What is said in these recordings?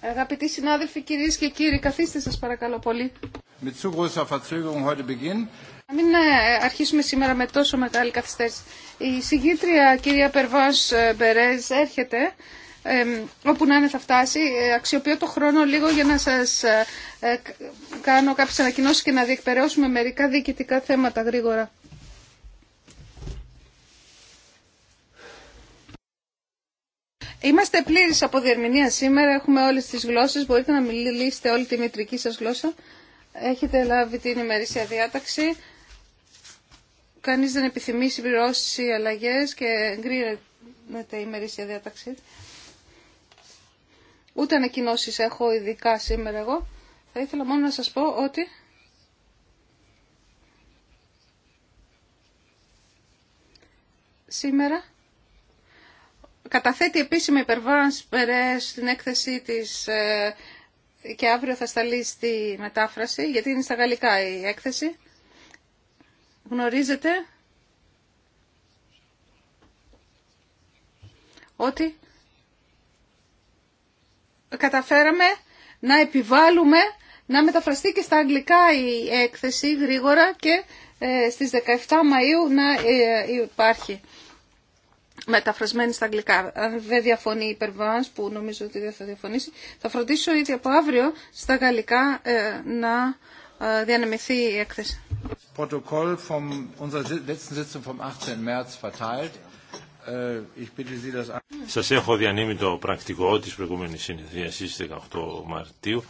Αγαπητοί συνάδελφοι, κυρίε και κύριοι, καθίστε σα παρακαλώ πολύ. Να μην ε, αρχίσουμε σήμερα με τόσο μεγάλη καθυστέρηση. Η συγγήτρια κυρία Περβάς ε, Μπερέζ έρχεται. όπου να είναι θα φτάσει. Ε, αξιοποιώ το χρόνο λίγο για να σας κάνω κάποιες ανακοινώσεις και να διεκπαιρεώσουμε μερικά διοικητικά θέματα γρήγορα. Είμαστε πλήρης από διερμηνία σήμερα, έχουμε όλες τις γλώσσες, μπορείτε να μιλήσετε όλη τη μητρική σας γλώσσα. Έχετε λάβει την ημερήσια διάταξη. Κανείς δεν επιθυμεί συμπληρώσει αλλαγές και εγκρίνεται η ημερήσια διάταξη. Ούτε ανακοινώσει έχω ειδικά σήμερα εγώ. Θα ήθελα μόνο να σας πω ότι... Σήμερα καταθέτει επίσημα υπερβάνς στην έκθεσή της ε, και αύριο θα σταλεί στη μετάφραση, γιατί είναι στα γαλλικά η έκθεση. Γνωρίζετε ότι καταφέραμε να επιβάλλουμε να μεταφραστεί και στα αγγλικά η έκθεση γρήγορα και ε, στις 17 Μαΐου να ε, υπάρχει μεταφρασμένη στα αγγλικά. Αν δεν διαφωνεί η υπερβάνς, που νομίζω ότι δεν θα διαφωνήσει, θα φροντίσω ήδη από αύριο στα γαλλικά ε, να ε, διανεμηθεί η έκθεση. Protokoll vom, unserer letzten Sitzung vom 18. März verteilt. Äh, Σας έχω διανύμει το πρακτικό της προηγούμενης συνεδρίασης 18 Μαρτίου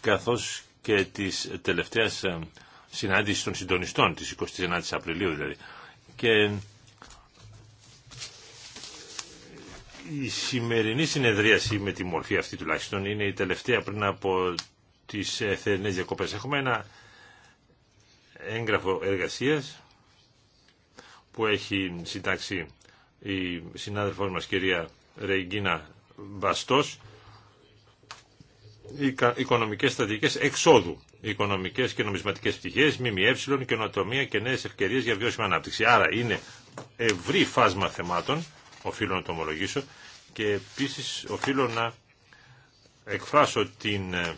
καθώ και τη τελευταία ε, συνάντηση των συντονιστών τη 29 Απριλίου δηλαδή και η σημερινή συνεδρίαση με τη μορφή αυτή τουλάχιστον είναι η τελευταία πριν από τις ε, θερινές διακοπέ. Έχουμε ένα έγγραφο εργασίας που έχει συντάξει η συνάδελφός μας κυρία Ρεγκίνα Βαστός. οικονομικές στρατηγικές εξόδου, οικονομικές και νομισματικές πτυχές, ΜΜΕ, καινοτομία και νέες ευκαιρίες για βιώσιμη ανάπτυξη. Άρα είναι ευρύ φάσμα θεμάτων, οφείλω να το ομολογήσω, και επίσης οφείλω να εκφράσω την, ε,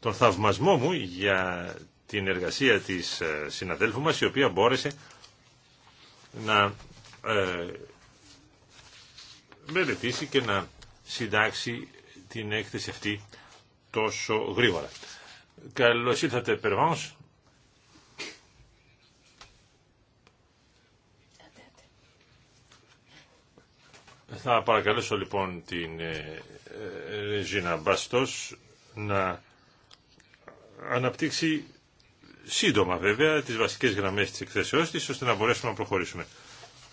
τον θαυμασμό μου για την εργασία της ε, συναδέλφου μας η οποία μπόρεσε να ε, μελετήσει και να συντάξει την έκθεση αυτή τόσο γρήγορα. Καλώς ήρθατε Περβάνς. Θα παρακαλέσω λοιπόν την ε, ε, Ρεζίνα Μπαστός να αναπτύξει σύντομα βέβαια τις βασικές γραμμές της εκθέσεώς της ώστε να μπορέσουμε να προχωρήσουμε.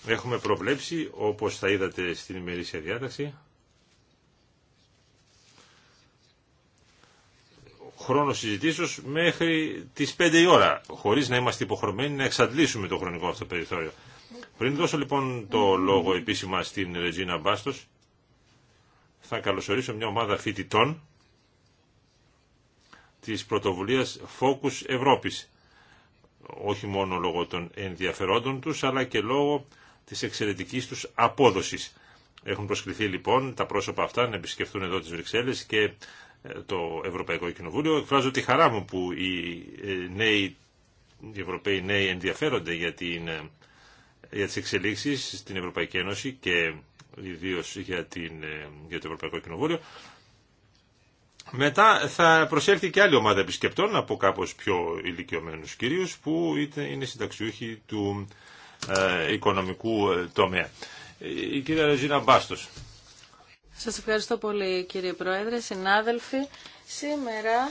Έχουμε προβλέψει όπως θα είδατε στην ημερήσια διάταξη χρόνο συζητήσεως μέχρι τις 5 η ώρα χωρίς να είμαστε υποχρεωμένοι να εξαντλήσουμε το χρονικό αυτό περιθώριο. Πριν δώσω λοιπόν το λόγο επίσημα στην Ρεζίνα Μπάστος, θα καλωσορίσω μια ομάδα φοιτητών της πρωτοβουλίας Focus Ευρώπης. Όχι μόνο λόγω των ενδιαφερόντων τους, αλλά και λόγω της εξαιρετικής τους απόδοσης. Έχουν προσκληθεί λοιπόν τα πρόσωπα αυτά να επισκεφτούν εδώ τις Βρυξέλλες και ε, το Ευρωπαϊκό Κοινοβούλιο. Εκφράζω τη χαρά μου που οι ε, νέοι οι Ευρωπαίοι νέοι ενδιαφέρονται για την ε, για τις εξελίξεις στην Ευρωπαϊκή Ένωση και ιδίω για, την, ε, για το Ευρωπαϊκό Κοινοβούλιο. Μετά θα προσέλθει και άλλη ομάδα επισκεπτών από κάπως πιο ηλικιωμένους κυρίους που είτε είναι συνταξιούχοι του ε, οικονομικού ε, τομέα. Η κυρία Ρεζίνα Μπάστος. Σας ευχαριστώ πολύ κύριε Πρόεδρε, συνάδελφοι. Σήμερα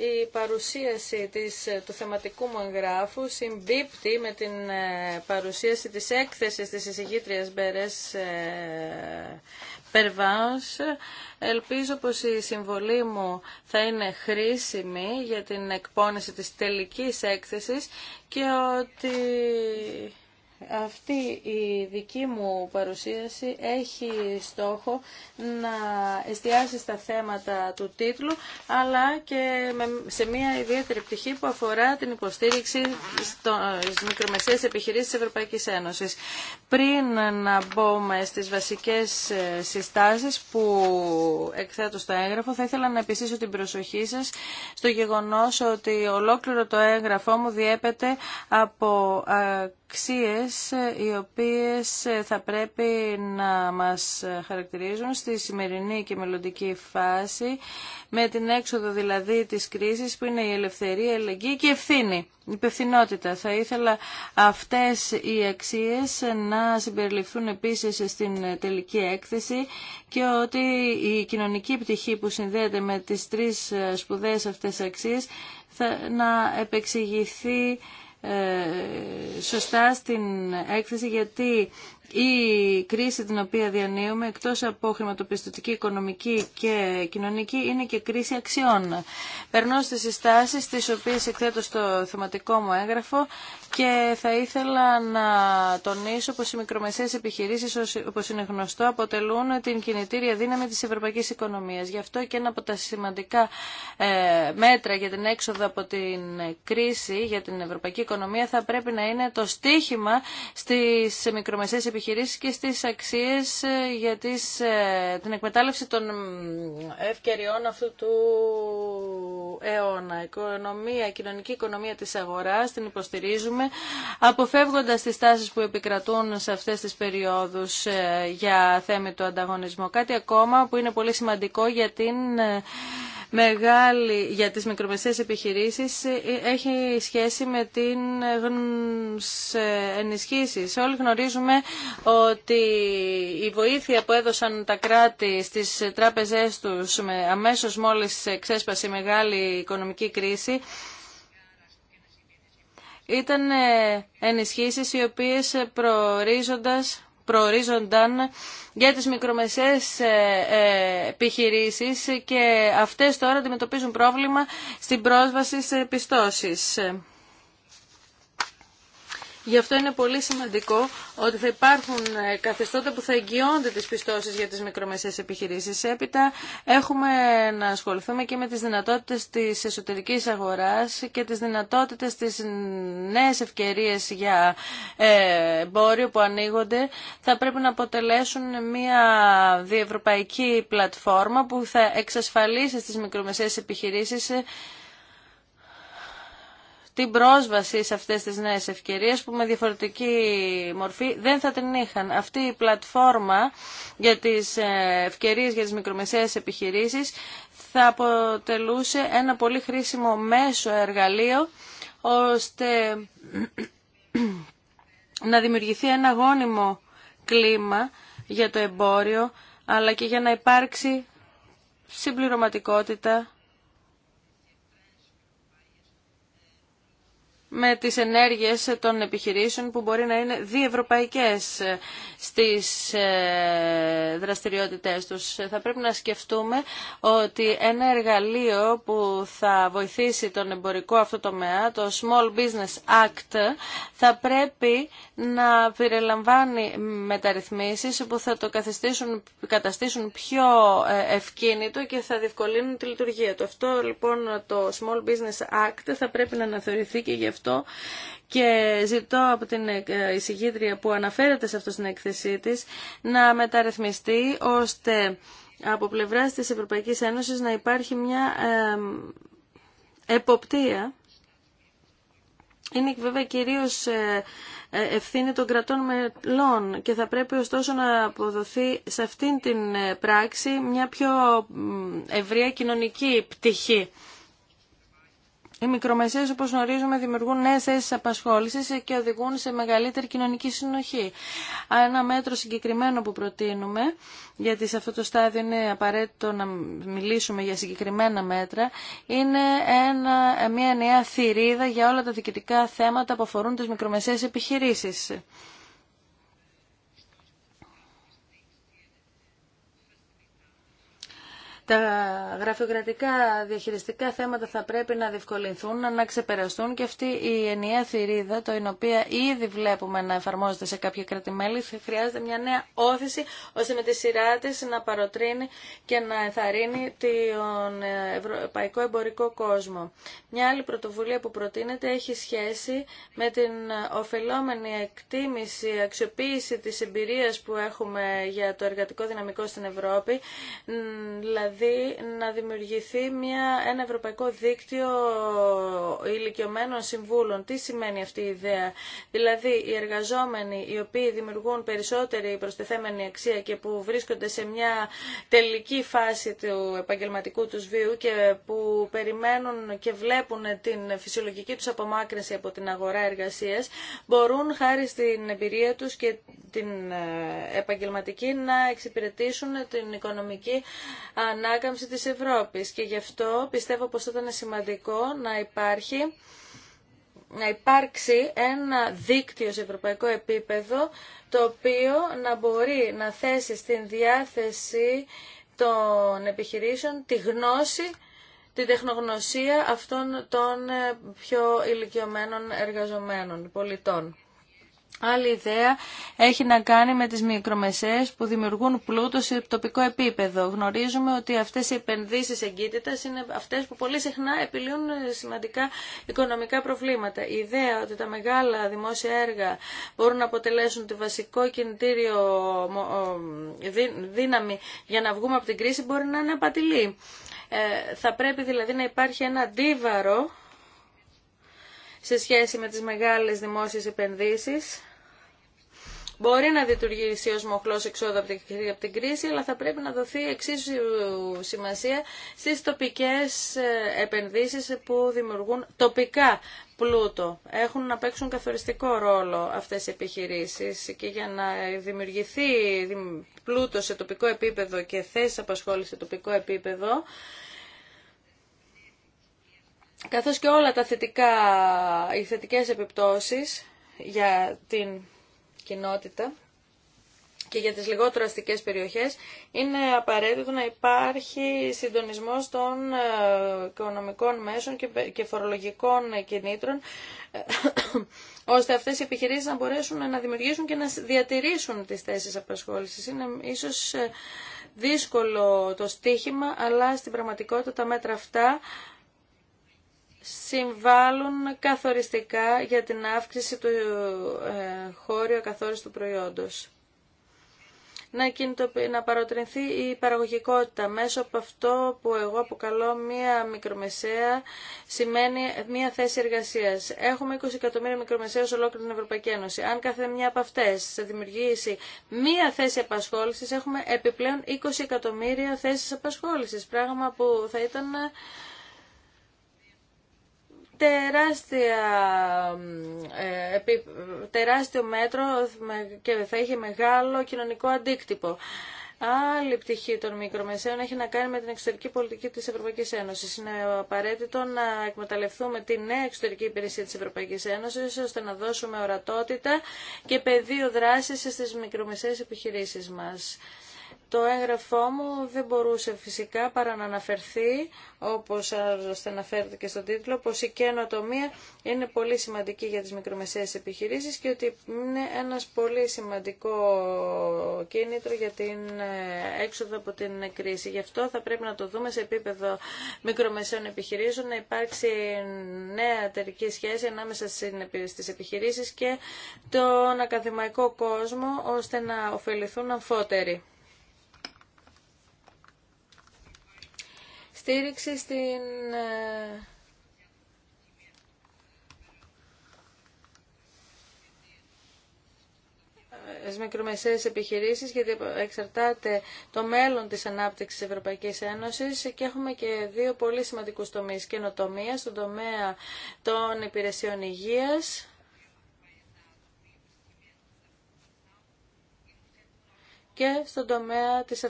η παρουσίαση της, του θεματικού μου εγγράφου συμπίπτει με την ε, παρουσίαση της έκθεσης της εισηγήτριας Μπερές ε, Περβάος. Ελπίζω πως η συμβολή μου θα είναι χρήσιμη για την εκπόνηση της τελικής έκθεσης και ότι αυτή η δική μου παρουσίαση έχει στόχο να εστιάσει στα θέματα του τίτλου, αλλά και σε μια ιδιαίτερη πτυχή που αφορά την υποστήριξη στις μικρομεσαίες επιχειρήσεις της Ευρωπαϊκής Ένωσης. Πριν να μπούμε στις βασικές ε, συστάσεις που εκθέτω στο έγγραφο, θα ήθελα να επιστήσω την προσοχή σας στο γεγονός ότι ολόκληρο το έγγραφό μου διέπεται από αξίες οι οποίες θα πρέπει να μας χαρακτηρίζουν στη σημερινή και μελλοντική φάση με την έξοδο δηλαδή της κρίσης που είναι η ελευθερία, η ελεγγύη και η ευθύνη, η υπευθυνότητα. Θα ήθελα αυτές οι αξίες να συμπεριληφθούν επίσης στην τελική έκθεση και ότι η κοινωνική πτυχή που συνδέεται με τις τρεις σπουδαίες αυτές αξίες θα να επεξηγηθεί ε, σωστά στην έκθεση γιατί η κρίση την οποία διανύουμε, εκτός από χρηματοπιστωτική, οικονομική και κοινωνική, είναι και κρίση αξιών. Περνώ στις συστάσεις, τις οποίες εκθέτω στο θεματικό μου έγγραφο και θα ήθελα να τονίσω πως οι μικρομεσαίες επιχειρήσεις, όπως είναι γνωστό, αποτελούν την κινητήρια δύναμη της ευρωπαϊκής οικονομίας. Γι' αυτό και ένα από τα σημαντικά ε, μέτρα για την έξοδο από την κρίση για την ευρωπαϊκή οικονομία θα πρέπει να είναι το στίχημα στις μικρομεσαίες επιχειρήσεις και στις αξίες ε, για ε, την εκμετάλλευση των ευκαιριών αυτού του αιώνα. Η κοινωνική οικονομία της αγοράς, την υποστηρίζουμε, αποφεύγοντας τις τάσεις που επικρατούν σε αυτές τις περιόδους ε, για θέμη του ανταγωνισμού. Κάτι ακόμα που είναι πολύ σημαντικό για την μεγάλη για τις μικρομεσαίες επιχειρήσεις ε, έχει σχέση με την ε, ενισχύσει. Όλοι γνωρίζουμε ότι η βοήθεια που έδωσαν τα κράτη στις τράπεζές τους με, αμέσως μόλις ξέσπασε η μεγάλη οικονομική κρίση ήταν ε, ενισχύσεις οι οποίες προορίζοντας προορίζονταν για τις μικρομεσαίες ε, ε, επιχειρήσεις και αυτές τώρα αντιμετωπίζουν πρόβλημα στην πρόσβαση σε πιστώσεις. Γι' αυτό είναι πολύ σημαντικό ότι θα υπάρχουν ε, καθεστώτα που θα εγγυώνται τις πιστώσεις για τις μικρομεσαίες επιχειρήσεις. Έπειτα έχουμε να ασχοληθούμε και με τις δυνατότητες της εσωτερικής αγοράς και τις δυνατότητες της νέες ευκαιρίες για ε, εμπόριο που ανοίγονται. Θα πρέπει να αποτελέσουν μια διευρωπαϊκή πλατφόρμα που θα εξασφαλίσει στις μικρομεσαίες επιχειρήσεις ε, την πρόσβαση σε αυτές τις νέες ευκαιρίες που με διαφορετική μορφή δεν θα την είχαν. Αυτή η πλατφόρμα για τις ε, ευκαιρίες για τις μικρομεσαίες επιχειρήσεις θα αποτελούσε ένα πολύ χρήσιμο μέσο εργαλείο ώστε να δημιουργηθεί ένα γόνιμο κλίμα για το εμπόριο αλλά και για να υπάρξει συμπληρωματικότητα με τις ενέργειες των επιχειρήσεων που μπορεί να είναι διευρωπαϊκές στις ε, δραστηριότητές τους. Θα πρέπει να σκεφτούμε ότι ένα εργαλείο που θα βοηθήσει τον εμπορικό αυτό τομέα, το Small Business Act, θα πρέπει να περιλαμβάνει μεταρρυθμίσεις που θα το καθιστήσουν, καταστήσουν πιο ε, ευκίνητο και θα διευκολύνουν τη λειτουργία του. Αυτό λοιπόν το Small Business Act θα πρέπει να αναθεωρηθεί και γι' αυτό και ζητώ από την ε, εισηγήτρια που αναφέρεται σε αυτό στην έκθεσή της να μεταρρυθμιστεί ώστε από πλευράς της Ευρωπαϊκής Ένωσης να υπάρχει μια εποπτεία είναι βέβαια κυρίως ε, ε, ευθύνη των κρατών μελών και θα πρέπει ωστόσο να αποδοθεί σε αυτήν την πράξη μια πιο ευρεία κοινωνική πτυχή. Οι μικρομεσαίες, όπως γνωρίζουμε, δημιουργούν νέε θέσει απασχόλησης και οδηγούν σε μεγαλύτερη κοινωνική συνοχή. Ένα μέτρο συγκεκριμένο που προτείνουμε, γιατί σε αυτό το στάδιο είναι απαραίτητο να μιλήσουμε για συγκεκριμένα μέτρα, είναι ένα, μια νέα θηρίδα για όλα τα διοικητικά θέματα που αφορούν τι μικρομεσαίε επιχειρήσει. Τα γραφειοκρατικά διαχειριστικά θέματα θα πρέπει να διευκολυνθούν, να ξεπεραστούν και αυτή η ενιαία θηρίδα, το η οποία ήδη βλέπουμε να εφαρμόζεται σε κάποια κρατημέλη, χρειάζεται μια νέα όθηση ώστε με τη σειρά τη να παροτρύνει και να εθαρρύνει τον ευρωπαϊκό εμπορικό κόσμο. Μια άλλη πρωτοβουλία που προτείνεται έχει σχέση με την ωφελόμενη εκτίμηση, αξιοποίηση της εμπειρίας που έχουμε για το εργατικό δυναμικό στην Ευρώπη, δηλαδή δηλαδή να δημιουργηθεί μια, ένα ευρωπαϊκό δίκτυο ηλικιωμένων συμβούλων. Τι σημαίνει αυτή η ιδέα. Δηλαδή οι εργαζόμενοι οι οποίοι δημιουργούν περισσότερη προστιθέμενη αξία και που βρίσκονται σε μια τελική φάση του επαγγελματικού τους βίου και που περιμένουν και βλέπουν την φυσιολογική τους απομάκρυνση από την αγορά εργασίας μπορούν χάρη στην εμπειρία τους και την ε, επαγγελματική να εξυπηρετήσουν την οικονομική ανάπτυξη ανάκαμψη της Ευρώπης και γι' αυτό πιστεύω πως ήταν σημαντικό να υπάρχει να υπάρξει ένα δίκτυο σε ευρωπαϊκό επίπεδο το οποίο να μπορεί να θέσει στην διάθεση των επιχειρήσεων τη γνώση, την τεχνογνωσία αυτών των ε, πιο ηλικιωμένων εργαζομένων πολιτών. Άλλη ιδέα έχει να κάνει με τις μικρομεσαίες που δημιουργούν πλούτο σε τοπικό επίπεδο. Γνωρίζουμε ότι αυτές οι επενδύσεις εγκύτητας είναι αυτές που πολύ συχνά επιλύουν ε, σημαντικά οικονομικά προβλήματα. Η ιδέα ότι τα μεγάλα δημόσια έργα μπορούν να αποτελέσουν τη βασικό κινητήριο δύναμη για να βγούμε από την κρίση μπορεί να είναι απατηλή. Ε, θα πρέπει δηλαδή να υπάρχει ένα αντίβαρο σε σχέση με τις μεγάλες δημόσιες επενδύσεις. Μπορεί να λειτουργήσει ω μοχλό εξόδου από την κρίση, αλλά θα πρέπει να δοθεί εξίσου σημασία στι τοπικέ ε, επενδύσει που δημιουργούν τοπικά πλούτο. Έχουν να παίξουν καθοριστικό ρόλο αυτέ οι επιχειρήσει και για να δημιουργηθεί πλούτο σε τοπικό επίπεδο και θέσει απασχόληση σε τοπικό επίπεδο, καθώς και όλα τα θετικά, οι θετικές επιπτώσεις για την κοινότητα και για τις λιγότερο αστικές περιοχές είναι απαραίτητο να υπάρχει συντονισμός των ε, οικονομικών μέσων και φορολογικών κινήτρων ε, ώστε αυτές οι επιχειρήσεις να μπορέσουν να δημιουργήσουν και να διατηρήσουν τις θέσεις απασχόλησης. Είναι ίσως ε, δύσκολο το στίχημα, αλλά στην πραγματικότητα τα μέτρα αυτά συμβάλλουν καθοριστικά για την αύξηση του ε, χώριου ακαθόριστου προϊόντος. Να, να παροτρινθεί η παραγωγικότητα μέσω από αυτό που εγώ αποκαλώ μία μικρομεσαία σημαίνει μία θέση εργασίας. Έχουμε 20 εκατομμύρια μικρομεσαίες σε ολόκληρη την Ευρωπαϊκή Ένωση. Αν κάθε μία από αυτές θα δημιουργήσει μία θέση απασχόλησης έχουμε επιπλέον 20 εκατομμύρια θέσεις απασχόλησης. Πράγμα που θα ήταν τεράστια, ε, τεράστιο μέτρο και θα είχε μεγάλο κοινωνικό αντίκτυπο. Άλλη πτυχή των μικρομεσαίων έχει να κάνει με την εξωτερική πολιτική της Ευρωπαϊκής Ένωσης. Είναι απαραίτητο να εκμεταλλευτούμε τη νέα εξωτερική υπηρεσία της Ευρωπαϊκής Ένωσης ώστε να δώσουμε ορατότητα και πεδίο δράσης στις μικρομεσαίες επιχειρήσεις μας. Το έγγραφό μου δεν μπορούσε φυσικά παρά να αναφερθεί, όπως άλλωστε αναφέρεται και στον τίτλο, πως η καινοτομία είναι πολύ σημαντική για τις μικρομεσαίες επιχειρήσεις και ότι είναι ένας πολύ σημαντικό κίνητρο για την ε, έξοδο από την κρίση. Γι' αυτό θα πρέπει να το δούμε σε επίπεδο μικρομεσαίων επιχειρήσεων, να υπάρξει νέα εταιρική σχέση ανάμεσα στις επιχειρήσεις και τον ακαδημαϊκό κόσμο, ώστε να ωφεληθούν αμφότεροι. στήριξη στην ε, στις μικρομεσαίες επιχειρήσεις γιατί εξαρτάται το μέλλον της ανάπτυξης της Ευρωπαϊκής Ένωσης και έχουμε και δύο πολύ σημαντικούς τομείς καινοτομία στον τομέα των υπηρεσιών υγείας και στον τομέα της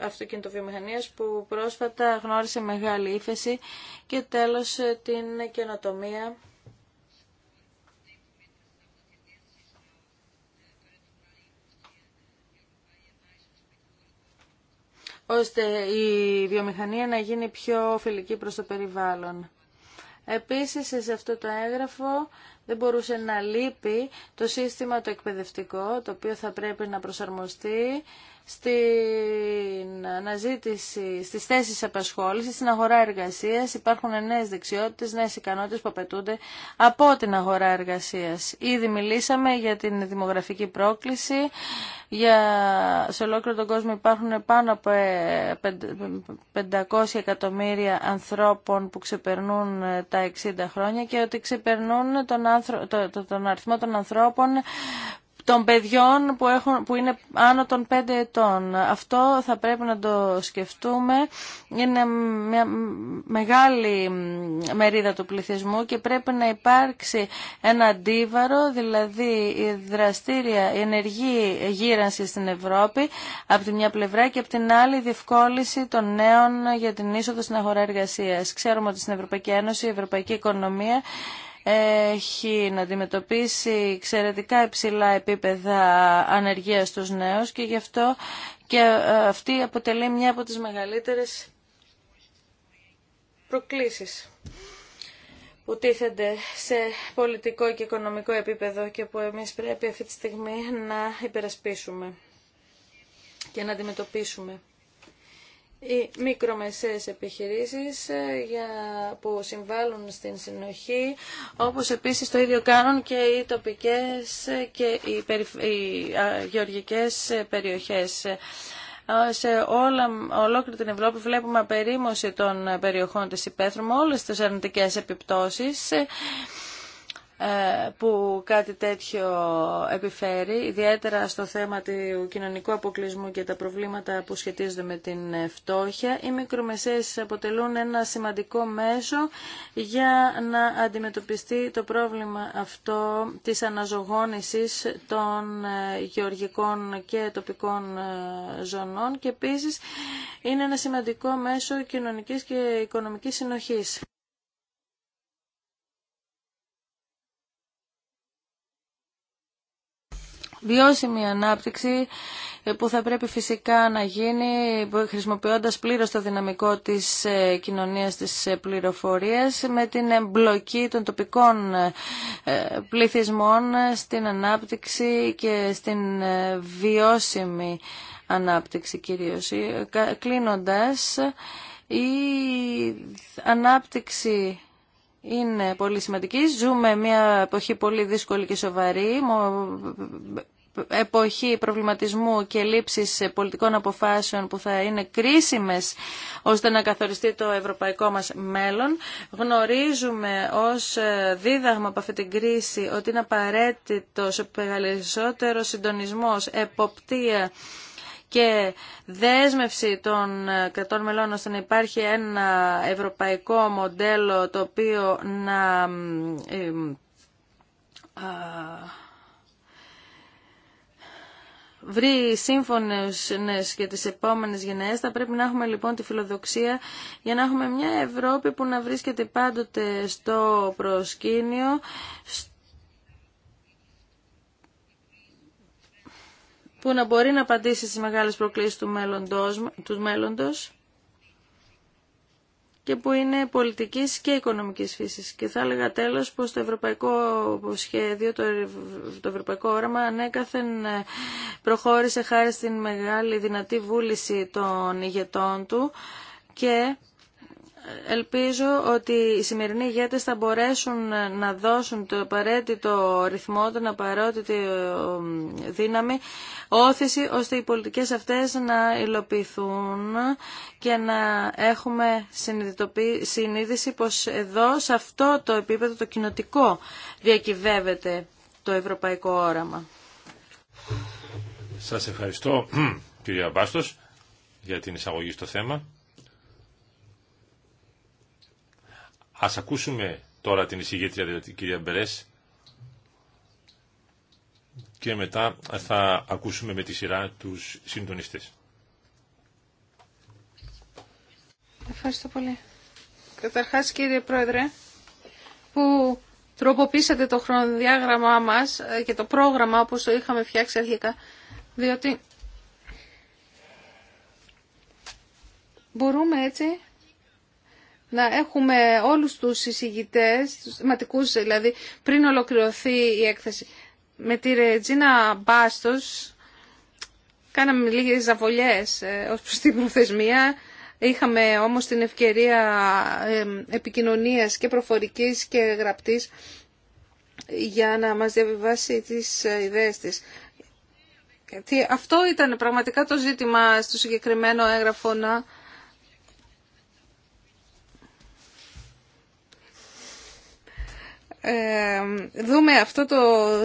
αυτοκινητοβιομηχανίας που πρόσφατα γνώρισε μεγάλη ύφεση και τέλος ε, την καινοτομία ώστε η βιομηχανία να γίνει πιο φιλική προς το περιβάλλον. Επίσης σε αυτό το έγγραφο δεν μπορούσε να λείπει το σύστημα το εκπαιδευτικό, το οποίο θα πρέπει να προσαρμοστεί στην αναζήτηση, στις θέσεις απασχόλησης, στην αγορά εργασίας. Υπάρχουν νέες δεξιότητες, νέες ικανότητες που απαιτούνται από την αγορά εργασίας. Ήδη μιλήσαμε για την δημογραφική πρόκληση. Για... Σε ολόκληρο τον κόσμο υπάρχουν πάνω από 500 ε, εκατομμύρια ανθρώπων που ξεπερνούν ε, τα 60 χρόνια και ότι ξεπερνούν τον, τον αριθμό των ανθρώπων των παιδιών που, έχουν, που είναι άνω των 5 ετών. Αυτό θα πρέπει να το σκεφτούμε. Είναι μια μεγάλη μερίδα του πληθυσμού και πρέπει να υπάρξει ένα αντίβαρο, δηλαδή η δραστήρια, η ενεργή γύρανση στην Ευρώπη από τη μια πλευρά και από την άλλη η διευκόλυνση των νέων για την είσοδο στην αγορά εργασίας. Ξέρουμε ότι στην Ευρωπαϊκή Ένωση η ευρωπαϊκή οικονομία έχει να αντιμετωπίσει εξαιρετικά υψηλά επίπεδα ανεργίας στους νέους και γι' αυτό και ε, αυτή αποτελεί μια από τις μεγαλύτερες προκλήσεις που τίθενται σε πολιτικό και οικονομικό επίπεδο και που εμείς πρέπει αυτή τη στιγμή να υπερασπίσουμε και να αντιμετωπίσουμε οι μικρομεσαίες επιχειρήσεις ε, για, που συμβάλλουν στην συνοχή, όπως επίσης το ίδιο κάνουν και οι τοπικές ε, και οι, περι, οι γεωργικές ε, περιοχές. Σε όλα, ολόκληρη την Ευρώπη βλέπουμε απερίμωση των περιοχών της υπαίθρου με όλες τις αρνητικές επιπτώσεις. Ε, που κάτι τέτοιο επιφέρει, ιδιαίτερα στο θέμα του κοινωνικού αποκλεισμού και τα προβλήματα που σχετίζονται με την φτώχεια. Οι μικρομεσαίες αποτελούν ένα σημαντικό μέσο για να αντιμετωπιστεί το πρόβλημα αυτό της αναζωγόνησης των ε, γεωργικών και τοπικών ε, ζωνών και επίσης είναι ένα σημαντικό μέσο κοινωνικής και οικονομικής συνοχής. βιώσιμη ανάπτυξη ε, που θα πρέπει φυσικά να γίνει χρησιμοποιώντας πλήρως το δυναμικό της ε, κοινωνίας της ε, πληροφορίας με την εμπλοκή των τοπικών πληθυσμών στην ανάπτυξη και στην βιώσιμη ανάπτυξη κυρίως. Κλείνοντας, η ανάπτυξη είναι πολύ σημαντική. Ζούμε μια εποχή πολύ δύσκολη και σοβαρή, εποχή προβληματισμού και λήψης πολιτικών αποφάσεων που θα είναι κρίσιμες ώστε να καθοριστεί το ευρωπαϊκό μας μέλλον. Γνωρίζουμε ως ε, δίδαγμα από αυτή την κρίση ότι είναι απαραίτητο περισσότερο συντονισμός, εποπτεία και δέσμευση των ε, κρατών μελών ώστε να υπάρχει ένα ευρωπαϊκό μοντέλο το οποίο να βρει σύμφωνες και τις επόμενες γενναίες. Θα πρέπει να έχουμε λοιπόν τη φιλοδοξία για να έχουμε μια Ευρώπη που να βρίσκεται πάντοτε στο προσκήνιο, που να μπορεί να απαντήσει στις μεγάλες προκλήσεις του μέλλοντος, και που είναι πολιτικής και οικονομικής φύσης. Και θα έλεγα τέλος πως το ευρωπαϊκό σχέδιο, το, το ευρωπαϊκό όραμα ανέκαθεν ε, προχώρησε χάρη στην μεγάλη δυνατή βούληση των ηγετών του και Ελπίζω ότι οι σημερινοί ηγέτες θα μπορέσουν να δώσουν το απαραίτητο ρυθμό, την απαραίτητη δύναμη, όθηση ώστε οι πολιτικές αυτές να υλοποιηθούν και να έχουμε συνείδηση πως εδώ, σε αυτό το επίπεδο, το κοινοτικό, διακυβεύεται το ευρωπαϊκό όραμα. Σας ευχαριστώ, κυρία Μπάστος, για την εισαγωγή στο θέμα. Ας ακούσουμε τώρα την εισηγήτρια, δηλαδή, κυρία Μπερές, και μετά θα ακούσουμε με τη σειρά τους συντονιστές. Ευχαριστώ πολύ. Καταρχάς, κύριε Πρόεδρε, που τροποποίησατε το χρονοδιάγραμμά μας ε, και το πρόγραμμα όπως το είχαμε φτιάξει αρχικά, διότι μπορούμε έτσι να έχουμε όλους τους εισηγητές, τους θεματικούς δηλαδή, πριν ολοκληρωθεί η έκθεση. Με τη Ρετζίνα Μπάστος κάναμε λίγες ζαβολιές ε, ως προς την προθεσμία. Είχαμε όμως την ευκαιρία ε, επικοινωνίας και προφορικής και γραπτής για να μας διαβιβάσει τις ε, ιδέες της. αυτό ήταν πραγματικά το ζήτημα στο συγκεκριμένο έγγραφο να Ε, δούμε αυτό το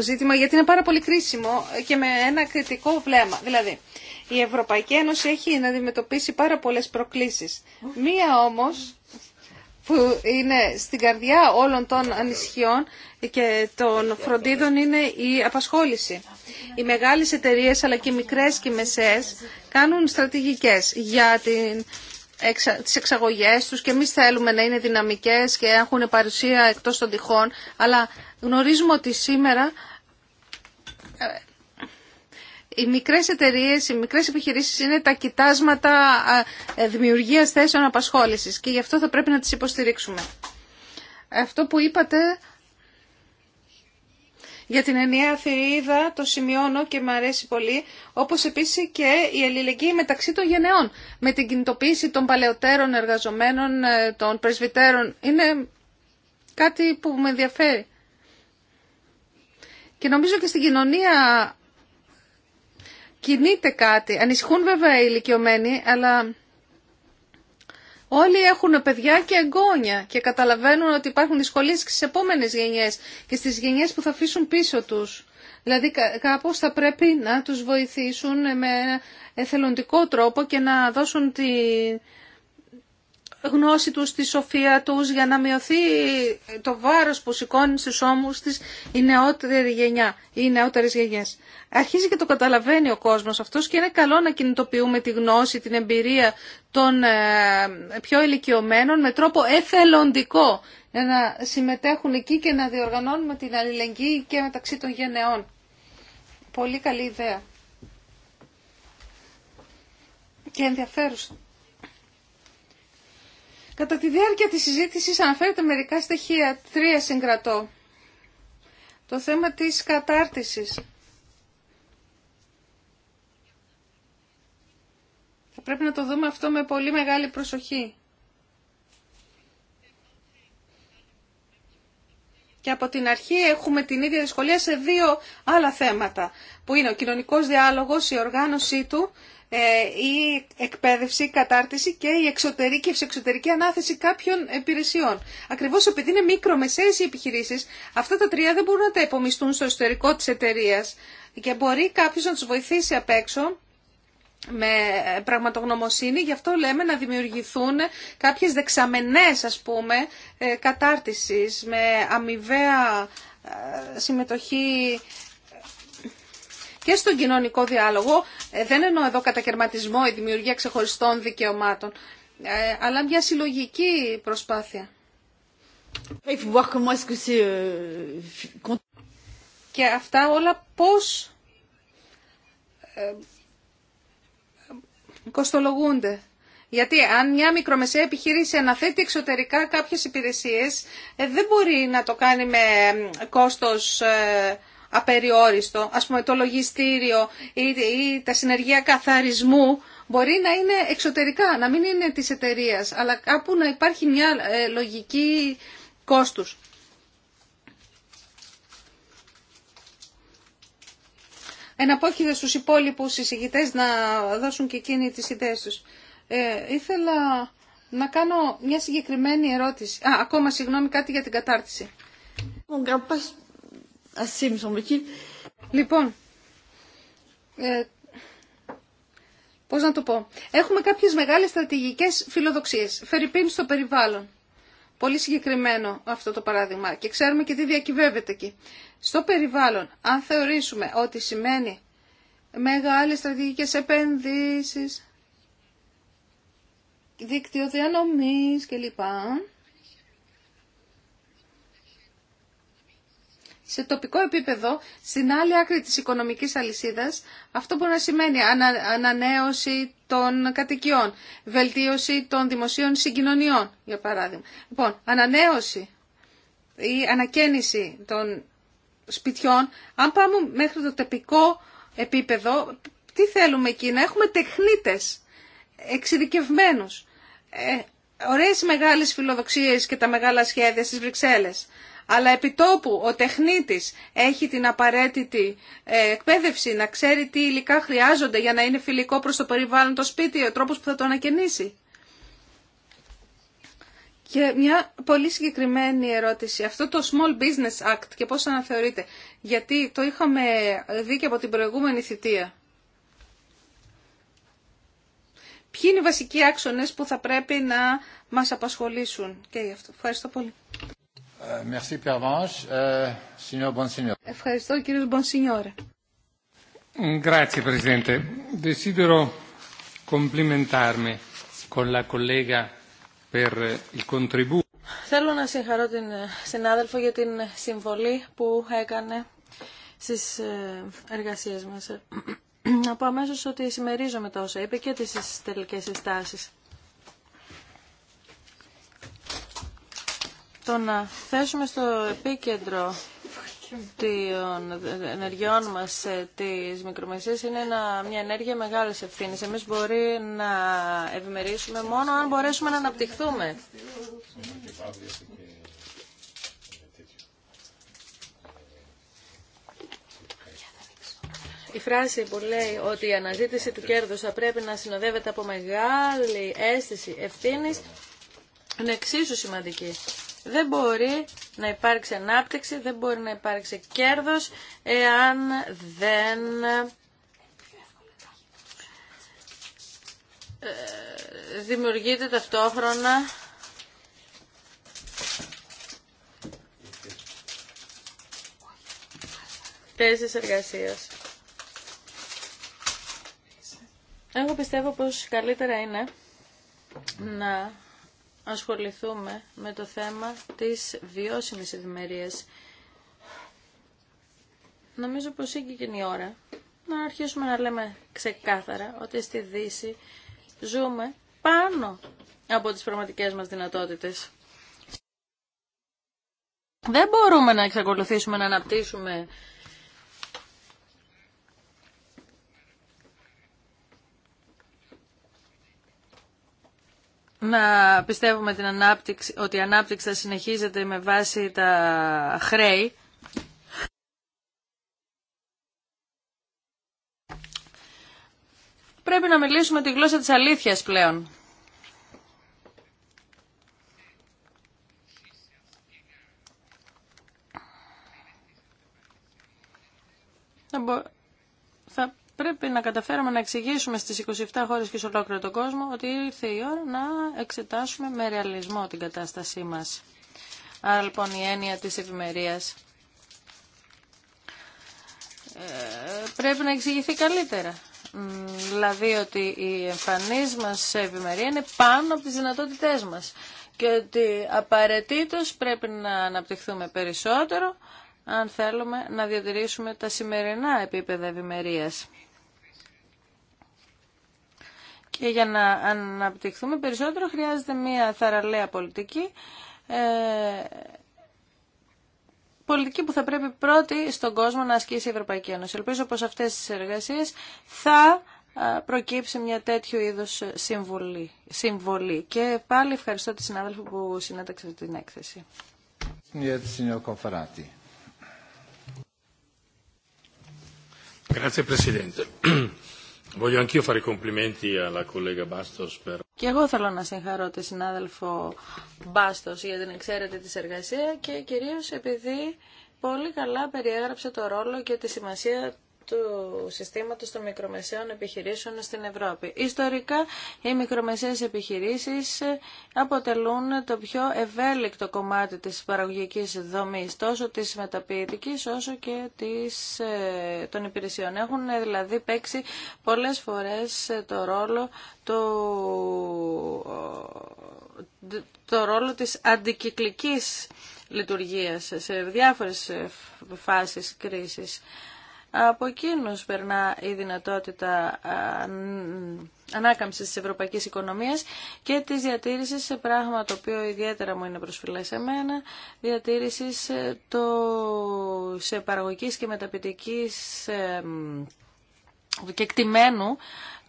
ζήτημα γιατί είναι πάρα πολύ κρίσιμο και με ένα κριτικό βλέμμα. Δηλαδή, η Ευρωπαϊκή Ένωση έχει να αντιμετωπίσει πάρα πολλές προκλήσεις. Μία όμως που είναι στην καρδιά όλων των ανησυχιών και των φροντίδων είναι η απασχόληση. Οι μεγάλες εταιρείες αλλά και οι μικρές και οι μεσαίες κάνουν στρατηγικές για την τις εξαγωγές τους και εμεί θέλουμε να είναι δυναμικές και έχουν παρουσία εκτός των τυχών, αλλά γνωρίζουμε ότι σήμερα ε, οι μικρές εταιρείες, οι μικρές επιχειρήσεις είναι τα κοιτάσματα ε, ε, δημιουργίας θέσεων απασχόλησης και γι' αυτό θα πρέπει να τις υποστηρίξουμε. Αυτό που είπατε για την ενιαία θηρίδα το σημειώνω και μου αρέσει πολύ, όπως επίσης και η ελληνική μεταξύ των γενεών, με την κινητοποίηση των παλαιότερων εργαζομένων, ε, των πρεσβυτέρων. Είναι κάτι που με ενδιαφέρει. Και νομίζω και στην κοινωνία κινείται κάτι. Ανησυχούν βέβαια οι ηλικιωμένοι, αλλά Όλοι έχουν παιδιά και εγγόνια και καταλαβαίνουν ότι υπάρχουν δυσκολίες και στις επόμενες γενιές και στις γενιές που θα αφήσουν πίσω τους. Δηλαδή κάπως θα πρέπει να τους βοηθήσουν με εθελοντικό τρόπο και να δώσουν τη γνώση του τη σοφία του για να μειωθεί το βάρος που σηκώνει στους ώμου της η νεότερη γενιά, οι νεότερε γενιέ. Αρχίζει και το καταλαβαίνει ο κόσμος αυτό και είναι καλό να κινητοποιούμε τη γνώση, την εμπειρία των ε, πιο ηλικιωμένων με τρόπο εθελοντικό για να συμμετέχουν εκεί και να διοργανώνουμε την αλληλεγγύη και μεταξύ των γενεών. Πολύ καλή ιδέα. Και ενδιαφέρουσα. Κατά τη διάρκεια της συζήτησης αναφέρεται μερικά στοιχεία, τρία συγκρατώ. Το θέμα της κατάρτισης. Θα πρέπει να το δούμε αυτό με πολύ μεγάλη προσοχή. Και από την αρχή έχουμε την ίδια δυσκολία σε δύο άλλα θέματα, που είναι ο κοινωνικός διάλογος, η οργάνωσή του ε, η εκπαίδευση, η κατάρτιση και η εξωτερική και εξωτερική ανάθεση κάποιων υπηρεσιών. Ακριβώ επειδή είναι μικρομεσαίε οι επιχειρήσει, αυτά τα τρία δεν μπορούν να τα υπομισθούν στο εσωτερικό τη εταιρεία και μπορεί κάποιο να τους βοηθήσει απ' έξω με πραγματογνωμοσύνη, γι' αυτό λέμε να δημιουργηθούν κάποιες δεξαμενές, ας πούμε, ε, κατάρτισης με αμοιβαία ε, συμμετοχή και στον κοινωνικό διάλογο. Ε, δεν εννοώ εδώ κατακαιρματισμό ή δημιουργία ξεχωριστών δικαιωμάτων, ε, αλλά μια συλλογική προσπάθεια. Euh, και αυτά όλα πώς ε, κοστολογούνται. Γιατί αν μια μικρομεσαία επιχείρηση αναθέτει εξωτερικά κάποιες υπηρεσίες, δεν μπορεί να το κάνει με κόστος απεριόριστο, ας πούμε το λογιστήριο ή, τα συνεργεία καθαρισμού μπορεί να είναι εξωτερικά, να μην είναι της εταιρεία, αλλά κάπου να υπάρχει μια ε, λογική κόστους. Εναπόκειται στους υπόλοιπους συζητητές να δώσουν και εκείνοι τις ιδέες τους. Ε, ήθελα να κάνω μια συγκεκριμένη ερώτηση. Α, ακόμα συγγνώμη κάτι για την κατάρτιση λοιπον ε, πώς να το πω. Έχουμε κάποιες μεγάλες στρατηγικές φιλοδοξίες. Φερρυπίν στο περιβάλλον. Πολύ συγκεκριμένο αυτό το παράδειγμα. Και ξέρουμε και τι διακυβεύεται εκεί. Στο περιβάλλον, αν θεωρήσουμε ότι σημαίνει μεγάλες στρατηγικές επενδύσεις, δίκτυο διανομής κλπ. σε τοπικό επίπεδο, στην άλλη άκρη της οικονομικής αλυσίδας, αυτό μπορεί να σημαίνει ανανέωση των κατοικιών, βελτίωση των δημοσίων συγκοινωνιών, για παράδειγμα. Λοιπόν, ανανέωση ή ανακαίνιση των σπιτιών, αν πάμε μέχρι το τοπικό επίπεδο, τι θέλουμε εκεί, να έχουμε τεχνίτες εξειδικευμένους, ε, ωραίες μεγάλες φιλοδοξίες και τα μεγάλα σχέδια στις Βρυξέλλες. Αλλά επιτόπου ο τεχνίτης έχει την απαραίτητη ε, εκπαίδευση να ξέρει τι υλικά χρειάζονται για να είναι φιλικό προς το περιβάλλον το σπίτι, ο τρόπος που θα το ανακαινήσει. Και μια πολύ συγκεκριμένη ερώτηση. Αυτό το Small Business Act και πώς αναθεωρείται. Γιατί το είχαμε δει και από την προηγούμενη θητεία. Ποιοι είναι οι βασικοί άξονες που θα πρέπει να μας απασχολήσουν και γι' αυτό. Ευχαριστώ πολύ. Ε, ε, Ευχαριστώ κύριε Μπονσινιόρε. Θέλω να συγχαρώ την ε, συνάδελφο για την συμβολή που έκανε στις εργασίες μας. Να πω αμέσως ότι συμμερίζομαι τόσο. είπε και τις τελικές συστάσεις. το να θέσουμε στο επίκεντρο των ενεργειών μας ε, της μικρομεσίας είναι μια ενέργεια μεγάλη ευθύνης. Εμείς μπορεί να ευημερίσουμε μόνο αν μπορέσουμε να αναπτυχθούμε. Η φράση που λέει ότι η αναζήτηση του κέρδους θα πρέπει να συνοδεύεται από μεγάλη αίσθηση ευθύνης είναι εξίσου σημαντική. Δεν μπορεί να υπάρξει ανάπτυξη, δεν μπορεί να υπάρξει κέρδος εάν δεν ε, δημιουργείται ταυτόχρονα θέσεις εργασίας. Εγώ πιστεύω πως καλύτερα είναι να ασχοληθούμε με το θέμα της βιώσιμης ευημερίας. Νομίζω πως είναι η ώρα να αρχίσουμε να λέμε ξεκάθαρα ότι στη Δύση ζούμε πάνω από τις πραγματικές μας δυνατότητες. Δεν μπορούμε να εξακολουθήσουμε να αναπτύσσουμε να πιστεύουμε την ανάπτυξη, ότι η ανάπτυξη θα συνεχίζεται με βάση τα χρέη. Πρέπει να μιλήσουμε τη γλώσσα της αλήθειας πλέον. Θα, Πρέπει να καταφέρουμε να εξηγήσουμε στις 27 χώρες και σε ολόκληρο τον κόσμο ότι ήρθε η ώρα να εξετάσουμε με ρεαλισμό την κατάστασή μας. Άρα λοιπόν η έννοια της ευημερία ε, πρέπει να εξηγηθεί καλύτερα. Δηλαδή ότι η εμφανή μας ευημερία είναι πάνω από τις δυνατότητές μας και ότι απαραίτητος πρέπει να αναπτυχθούμε περισσότερο αν θέλουμε να διατηρήσουμε τα σημερινά επίπεδα ευημερίας. Και για να αναπτυχθούμε περισσότερο χρειάζεται μια θαραλέα πολιτική, ε, πολιτική που θα πρέπει πρώτη στον κόσμο να ασκήσει η Ευρωπαϊκή Ένωση. Ελπίζω πως αυτές τις εργασίες θα ε, προκύψει μια τέτοιο είδους συμβολή. συμβολή. Και πάλι ευχαριστώ τη συνάδελφο που συνέταξε την έκθεση. Grazie Presidente. Και εγώ θέλω να συγχαρώ τη συνάδελφο Μπάστος για την εξαίρετη της εργασία και κυρίως επειδή πολύ καλά περιέγραψε το ρόλο και τη σημασία του συστήματος των μικρομεσαίων επιχειρήσεων στην Ευρώπη. Ιστορικά, οι μικρομεσαίες επιχειρήσεις αποτελούν το πιο ευέλικτο κομμάτι της παραγωγικής δομής, τόσο της μεταποιητικής όσο και της, ε, των υπηρεσιών. Έχουν ε, δηλαδή παίξει πολλές φορές ε, το ρόλο του το ρόλο της αντικυκλικής λειτουργίας σε διάφορες φάσεις κρίσης από εκείνους περνά η δυνατότητα ανάκαμψης της ευρωπαϊκής οικονομίας και της διατήρησης σε πράγμα το οποίο ιδιαίτερα μου είναι σε εμένα, διατήρησης ε, το, σε παραγωγικής και μεταπητικής ε, και κτημένου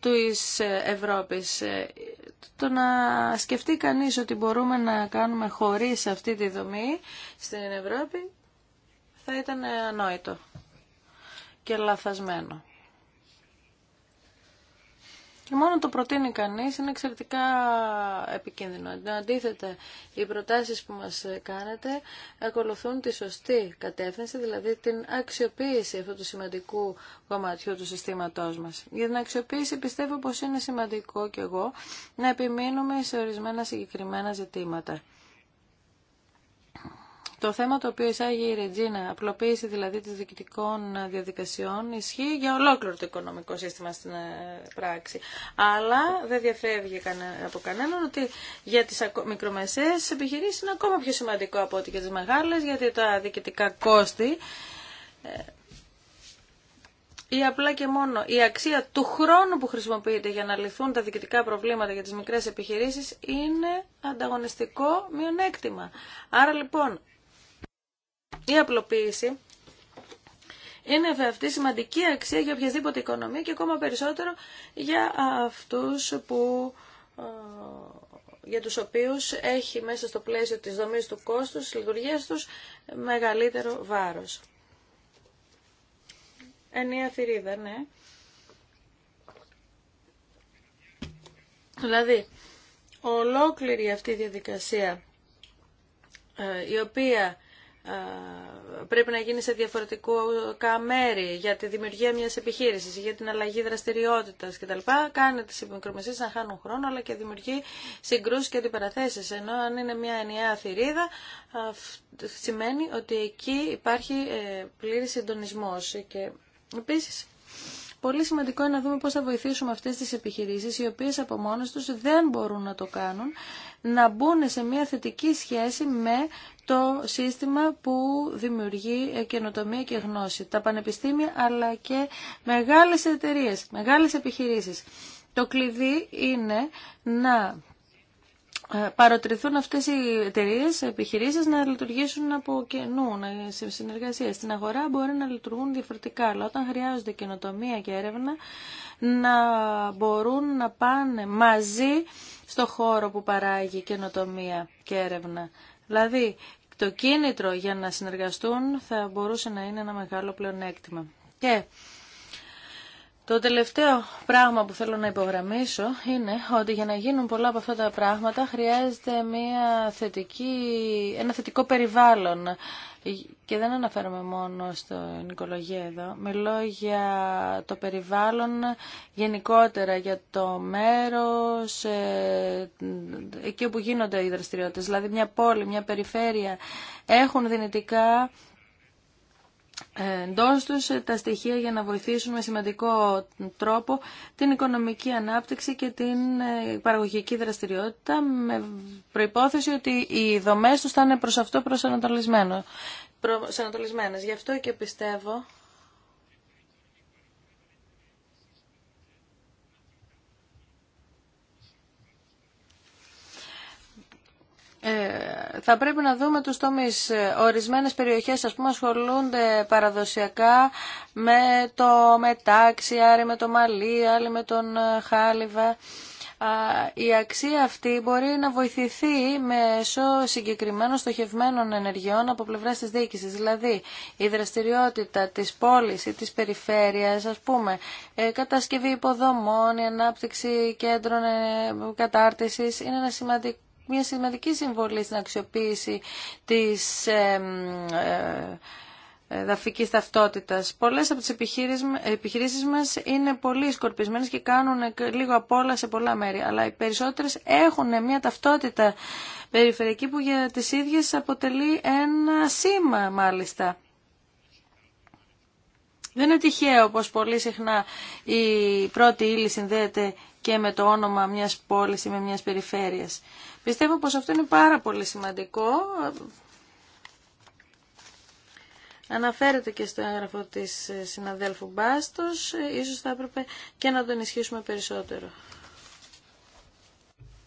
της ε, Ευρώπης. Το να σκεφτεί κανείς ότι μπορούμε να κάνουμε χωρίς αυτή τη δομή στην Ευρώπη θα ήταν ανόητο και λαθασμένο. Και μόνο το προτείνει κανείς είναι εξαιρετικά επικίνδυνο. Αντίθετα, οι προτάσεις που μας κάνετε ακολουθούν τη σωστή κατεύθυνση, δηλαδή την αξιοποίηση αυτού του σημαντικού κομματιού του συστήματός μας. Για την αξιοποίηση πιστεύω πως είναι σημαντικό και εγώ να επιμείνουμε σε ορισμένα συγκεκριμένα ζητήματα. Το θέμα το οποίο εισάγει η Ρετζίνα, απλοποίηση δηλαδή της διοικητικών διαδικασιών, ισχύει για ολόκληρο το οικονομικό σύστημα στην ε, πράξη. Αλλά δεν διαφεύγει από κανέναν ότι για τις μικρομεσαίες επιχειρήσεις είναι ακόμα πιο σημαντικό από ό,τι για τις μεγάλες, γιατί τα διοικητικά κόστη ε, ή απλά και μόνο η αξία του χρόνου που χρησιμοποιείται για να λυθούν τα διοικητικά προβλήματα για τις μικρές επιχειρήσεις είναι ανταγωνιστικό μειονέκτημα. Άρα λοιπόν η απλοποίηση είναι αυτή σημαντική αξία για όποιαδήποτε οικονομία και ακόμα περισσότερο για αυτούς που ε, για τους οποίους έχει μέσα στο πλαίσιο της δομής του κόστους, της λειτουργίας τους, μεγαλύτερο βάρος. Ενία θηρίδα, ναι. Δηλαδή, ολόκληρη αυτή η διαδικασία, ε, η οποία ε, πρέπει να γίνει σε διαφορετικό καμέρι για τη δημιουργία μιας επιχείρησης, για την αλλαγή δραστηριότητας κτλ. Κάνει τις μικρομεσίες να χάνουν χρόνο αλλά και δημιουργεί συγκρούσεις και αντιπαραθέσεις. Ενώ αν είναι μια ενιαία θηρίδα σημαίνει ότι εκεί υπάρχει ε, πλήρης συντονισμός. Και επίσης πολύ σημαντικό είναι να δούμε πώς θα βοηθήσουμε αυτές τις επιχειρήσεις, οι οποίες από μόνες τους δεν μπορούν να το κάνουν, να μπουν σε μια θετική σχέση με το σύστημα που δημιουργεί ε, καινοτομία και γνώση. Τα πανεπιστήμια αλλά και μεγάλες εταιρείες, μεγάλες επιχειρήσεις. Το κλειδί είναι να ε, παροτριθούν αυτές οι εταιρείε, επιχειρήσεις να λειτουργήσουν από κενού, σε συνεργασία. Στην αγορά μπορεί να λειτουργούν διαφορετικά, αλλά όταν χρειάζονται καινοτομία και έρευνα, να μπορούν να πάνε μαζί στο χώρο που παράγει καινοτομία και έρευνα. Δηλαδή, το κίνητρο για να συνεργαστούν θα μπορούσε να είναι ένα μεγάλο πλεονέκτημα. Και το τελευταίο πράγμα που θέλω να υπογραμμίσω είναι ότι για να γίνουν πολλά από αυτά τα πράγματα χρειάζεται μια θετική, ένα θετικό περιβάλλον. Και δεν αναφέρομαι μόνο στο οικολογία εδώ. Μιλώ για το περιβάλλον γενικότερα, για το μέρος, ε, εκεί όπου γίνονται οι δραστηριότητες. Δηλαδή μια πόλη, μια περιφέρεια έχουν δυνητικά εντό του ε, τα στοιχεία για να βοηθήσουν με σημαντικό τρόπο την οικονομική ανάπτυξη και την ε, παραγωγική δραστηριότητα με προϋπόθεση ότι οι δομές τους θα είναι προς αυτό προσανατολισμένες. Γι' αυτό και πιστεύω Ε, θα πρέπει να δούμε τους τομείς. Ε, ορισμένες περιοχές ας πούμε ασχολούνται παραδοσιακά με το μετάξι, άλλοι με το μαλλί, άλλοι με τον ε, χάλιβα. Η αξία αυτή μπορεί να βοηθηθεί μέσω συγκεκριμένων στοχευμένων ενεργειών από πλευρά της διοίκησης. Δηλαδή, η δραστηριότητα της πόλης ή της περιφέρειας, ας πούμε, κατασκευή υποδομών, η ανάπτυξη κέντρων κατάρτιση είναι ένα σημαντικό μια σημαντική συμβολή στην αξιοποίηση της ε, ε, δαφικής ταυτότητας. Πολλές από τις επιχειρήσεις μας είναι πολύ σκορπισμένες και κάνουν λίγο απ' όλα σε πολλά μέρη, αλλά οι περισσότερες έχουν μια ταυτότητα περιφερειακή που για τις ίδιες αποτελεί ένα σήμα μάλιστα. Δεν είναι τυχαίο πως πολύ συχνά η πρώτη ύλη συνδέεται και με το όνομα μιας πόλης ή με μιας περιφέρειας. Πιστεύω πως αυτό είναι πάρα πολύ σημαντικό. Αναφέρεται και στο έγγραφο της συναδέλφου Μπάστος, ίσως θα έπρεπε και να τον ισχύσουμε περισσότερο.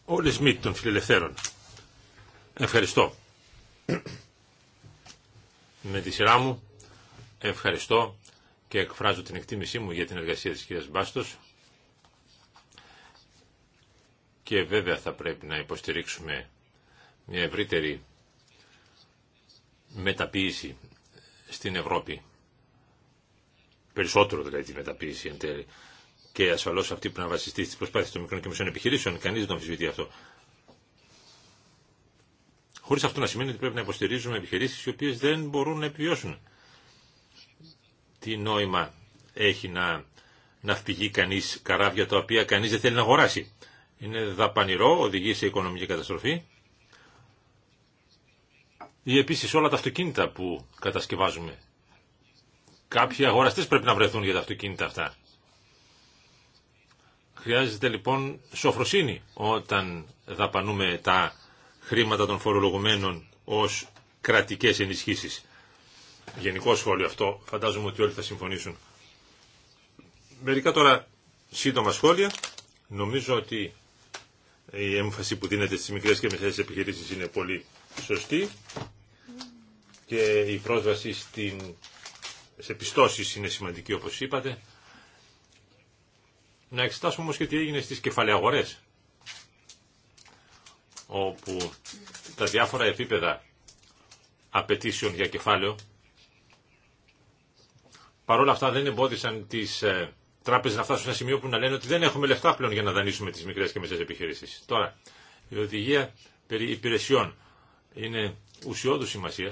Όλες μη των φιλελευθέρων. Ευχαριστώ. Με τη σειρά μου, ευχαριστώ και εκφράζω την εκτίμησή μου για την εργασία της κυρίας Μπάστος και βέβαια θα πρέπει να υποστηρίξουμε μια ευρύτερη μεταποίηση στην Ευρώπη. Περισσότερο δηλαδή τη μεταποίηση εν τέλει. Και ασφαλώς αυτή που να βασιστεί στις προσπάθειες των μικρών και μεσών επιχειρήσεων, κανεί δεν το αμφισβητεί αυτό. Χωρί αυτό να σημαίνει ότι πρέπει να υποστηρίζουμε επιχειρήσει οι οποίε δεν μπορούν να επιβιώσουν τι νόημα έχει να ναυπηγεί κανείς καράβια τα οποία κανείς δεν θέλει να αγοράσει. Είναι δαπανηρό, οδηγεί σε οικονομική καταστροφή. Ή επίσης όλα τα αυτοκίνητα που κατασκευάζουμε. Κάποιοι αγοραστές πρέπει να βρεθούν για τα αυτοκίνητα αυτά. Χρειάζεται λοιπόν σοφροσύνη όταν δαπανούμε τα χρήματα των φορολογουμένων ως κρατικές ενισχύσεις. Γενικό σχόλιο αυτό, φαντάζομαι ότι όλοι θα συμφωνήσουν. Μερικά τώρα σύντομα σχόλια. Νομίζω ότι η έμφαση που δίνεται στις μικρές και μεσαίες επιχειρήσεις είναι πολύ σωστή και η πρόσβαση στην, σε πιστώσεις είναι σημαντική όπως είπατε. Να εξετάσουμε όμως και τι έγινε στις κεφαλαιαγορές όπου τα διάφορα επίπεδα απαιτήσεων για κεφάλαιο Παρ' όλα αυτά δεν εμπόδισαν τι ε, τράπεζε να φτάσουν σε ένα σημείο που να λένε ότι δεν έχουμε λεφτά πλέον για να δανείσουμε τι μικρέ και μεσέ επιχειρήσει. Τώρα, η οδηγία περί υπηρεσιών είναι ουσιώδου σημασία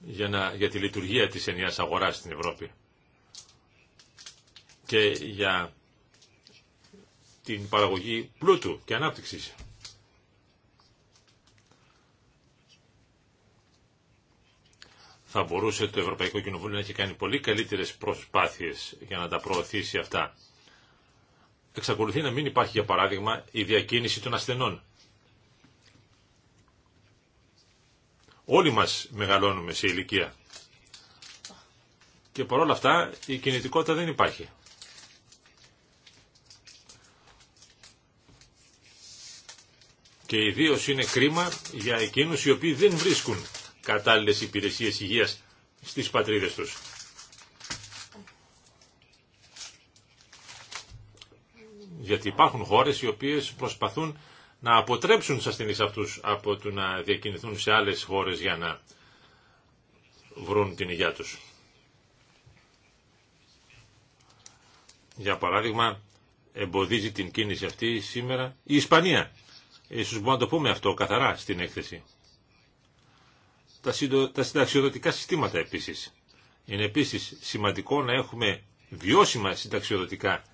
για, να, για τη λειτουργία της ενιαίας αγοράς στην Ευρώπη και για την παραγωγή πλούτου και ανάπτυξης. θα μπορούσε το Ευρωπαϊκό Κοινοβούλιο να έχει κάνει πολύ καλύτερες προσπάθειες για να τα προωθήσει αυτά. Εξακολουθεί να μην υπάρχει, για παράδειγμα, η διακίνηση των ασθενών. Όλοι μας μεγαλώνουμε σε ηλικία. Και παρόλα αυτά η κινητικότητα δεν υπάρχει. Και ιδίω είναι κρίμα για εκείνους οι οποίοι δεν βρίσκουν κατάλληλες υπηρεσίες υγείας στις πατρίδες τους. Γιατί υπάρχουν χώρες οι οποίες προσπαθούν να αποτρέψουν τους ασθενείς αυτούς από το να διακινηθούν σε άλλες χώρες για να βρουν την υγειά τους. Για παράδειγμα, εμποδίζει την κίνηση αυτή σήμερα η Ισπανία. Ίσως μπορούμε να το πούμε αυτό καθαρά στην έκθεση τα συνταξιοδοτικά συστήματα επίσης. Είναι επίσης σημαντικό να έχουμε βιώσιμα συνταξιοδοτικά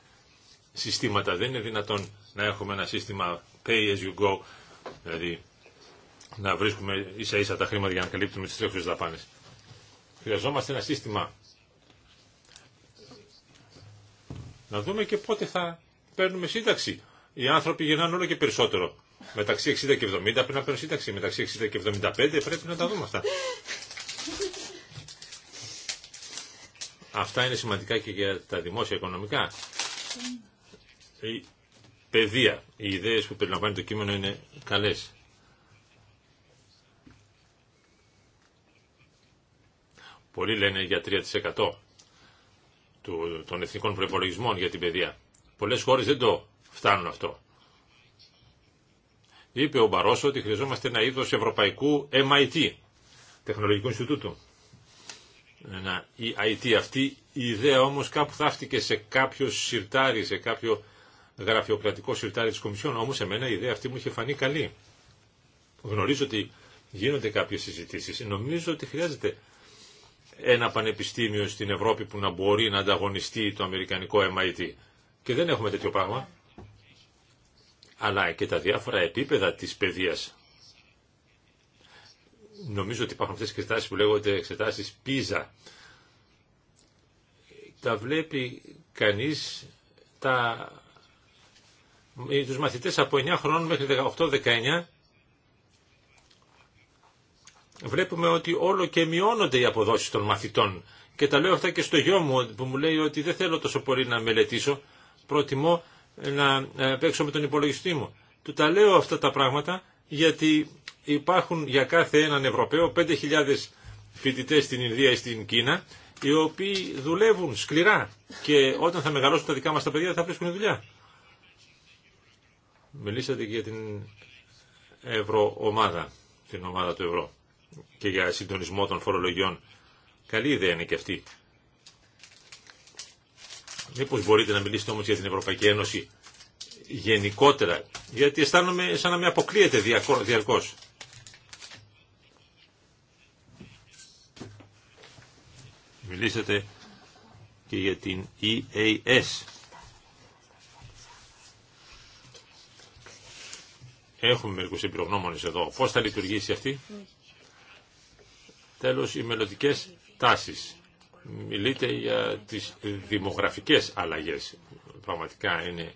συστήματα. Δεν είναι δυνατόν να έχουμε ένα σύστημα pay as you go, δηλαδή να βρίσκουμε ίσα ίσα τα χρήματα για να καλύπτουμε τις τρέχουσες δαπάνες. Χρειαζόμαστε ένα σύστημα. Να δούμε και πότε θα παίρνουμε σύνταξη. Οι άνθρωποι γεννάνε όλο και περισσότερο μεταξύ 60 και 70 πρέπει να παίρνω σύνταξη. Μεταξύ 60 και 75 πρέπει να τα δούμε αυτά. Αυτά είναι σημαντικά και για τα δημόσια οικονομικά. Η παιδεία, οι ιδέες που περιλαμβάνει το κείμενο είναι καλές. Πολλοί λένε για 3% των εθνικών προπολογισμών για την παιδεία. Πολλές χώρες δεν το φτάνουν αυτό είπε ο Μπαρόσο ότι χρειαζόμαστε ένα είδος ευρωπαϊκού MIT, Τεχνολογικού Ινστιτούτου. Ένα e IT αυτή, η ιδέα όμως κάπου θαύτηκε σε κάποιο συρτάρι, σε κάποιο γραφειοκρατικό σιρτάρι της Κομισιόν, όμως εμένα η ιδέα αυτή μου είχε φανεί καλή. Γνωρίζω ότι γίνονται κάποιες συζητήσεις. Νομίζω ότι χρειάζεται ένα πανεπιστήμιο στην Ευρώπη που να μπορεί να ανταγωνιστεί το αμερικανικό MIT. Και δεν έχουμε τέτοιο πράγμα αλλά και τα διάφορα επίπεδα της παιδείας. Νομίζω ότι υπάρχουν αυτές οι εξετάσεις που λέγονται εξετάσεις πίζα. Τα βλέπει κανείς τα... τους μαθητές από 9 χρόνων μέχρι 18-19 βλέπουμε ότι όλο και μειώνονται οι αποδόσεις των μαθητών. Και τα λέω αυτά και στο γιο μου που μου λέει ότι δεν θέλω τόσο πολύ να μελετήσω, προτιμώ να ε, παίξω με τον υπολογιστή μου. Του τα λέω αυτά τα πράγματα γιατί υπάρχουν για κάθε έναν Ευρωπαίο 5.000 φοιτητέ στην Ινδία ή στην Κίνα οι οποίοι δουλεύουν σκληρά και όταν θα μεγαλώσουν τα δικά μας τα παιδιά θα βρίσκουν δουλειά. Μιλήσατε και για την ευρωομάδα, την ομάδα του ευρώ και για συντονισμό των φορολογιών. Καλή ιδέα είναι και αυτή. Μήπω μπορείτε να μιλήσετε όμως για την Ευρωπαϊκή Ένωση γενικότερα, γιατί αισθάνομαι σαν να με αποκλείεται διαρκώ. Μιλήσατε και για την EAS. Έχουμε μερικού εμπειρογνώμονε εδώ. Πώ θα λειτουργήσει αυτή, τέλο οι μελλοντικέ τάσει. Μιλείτε για τις δημογραφικές αλλαγές. Πραγματικά είναι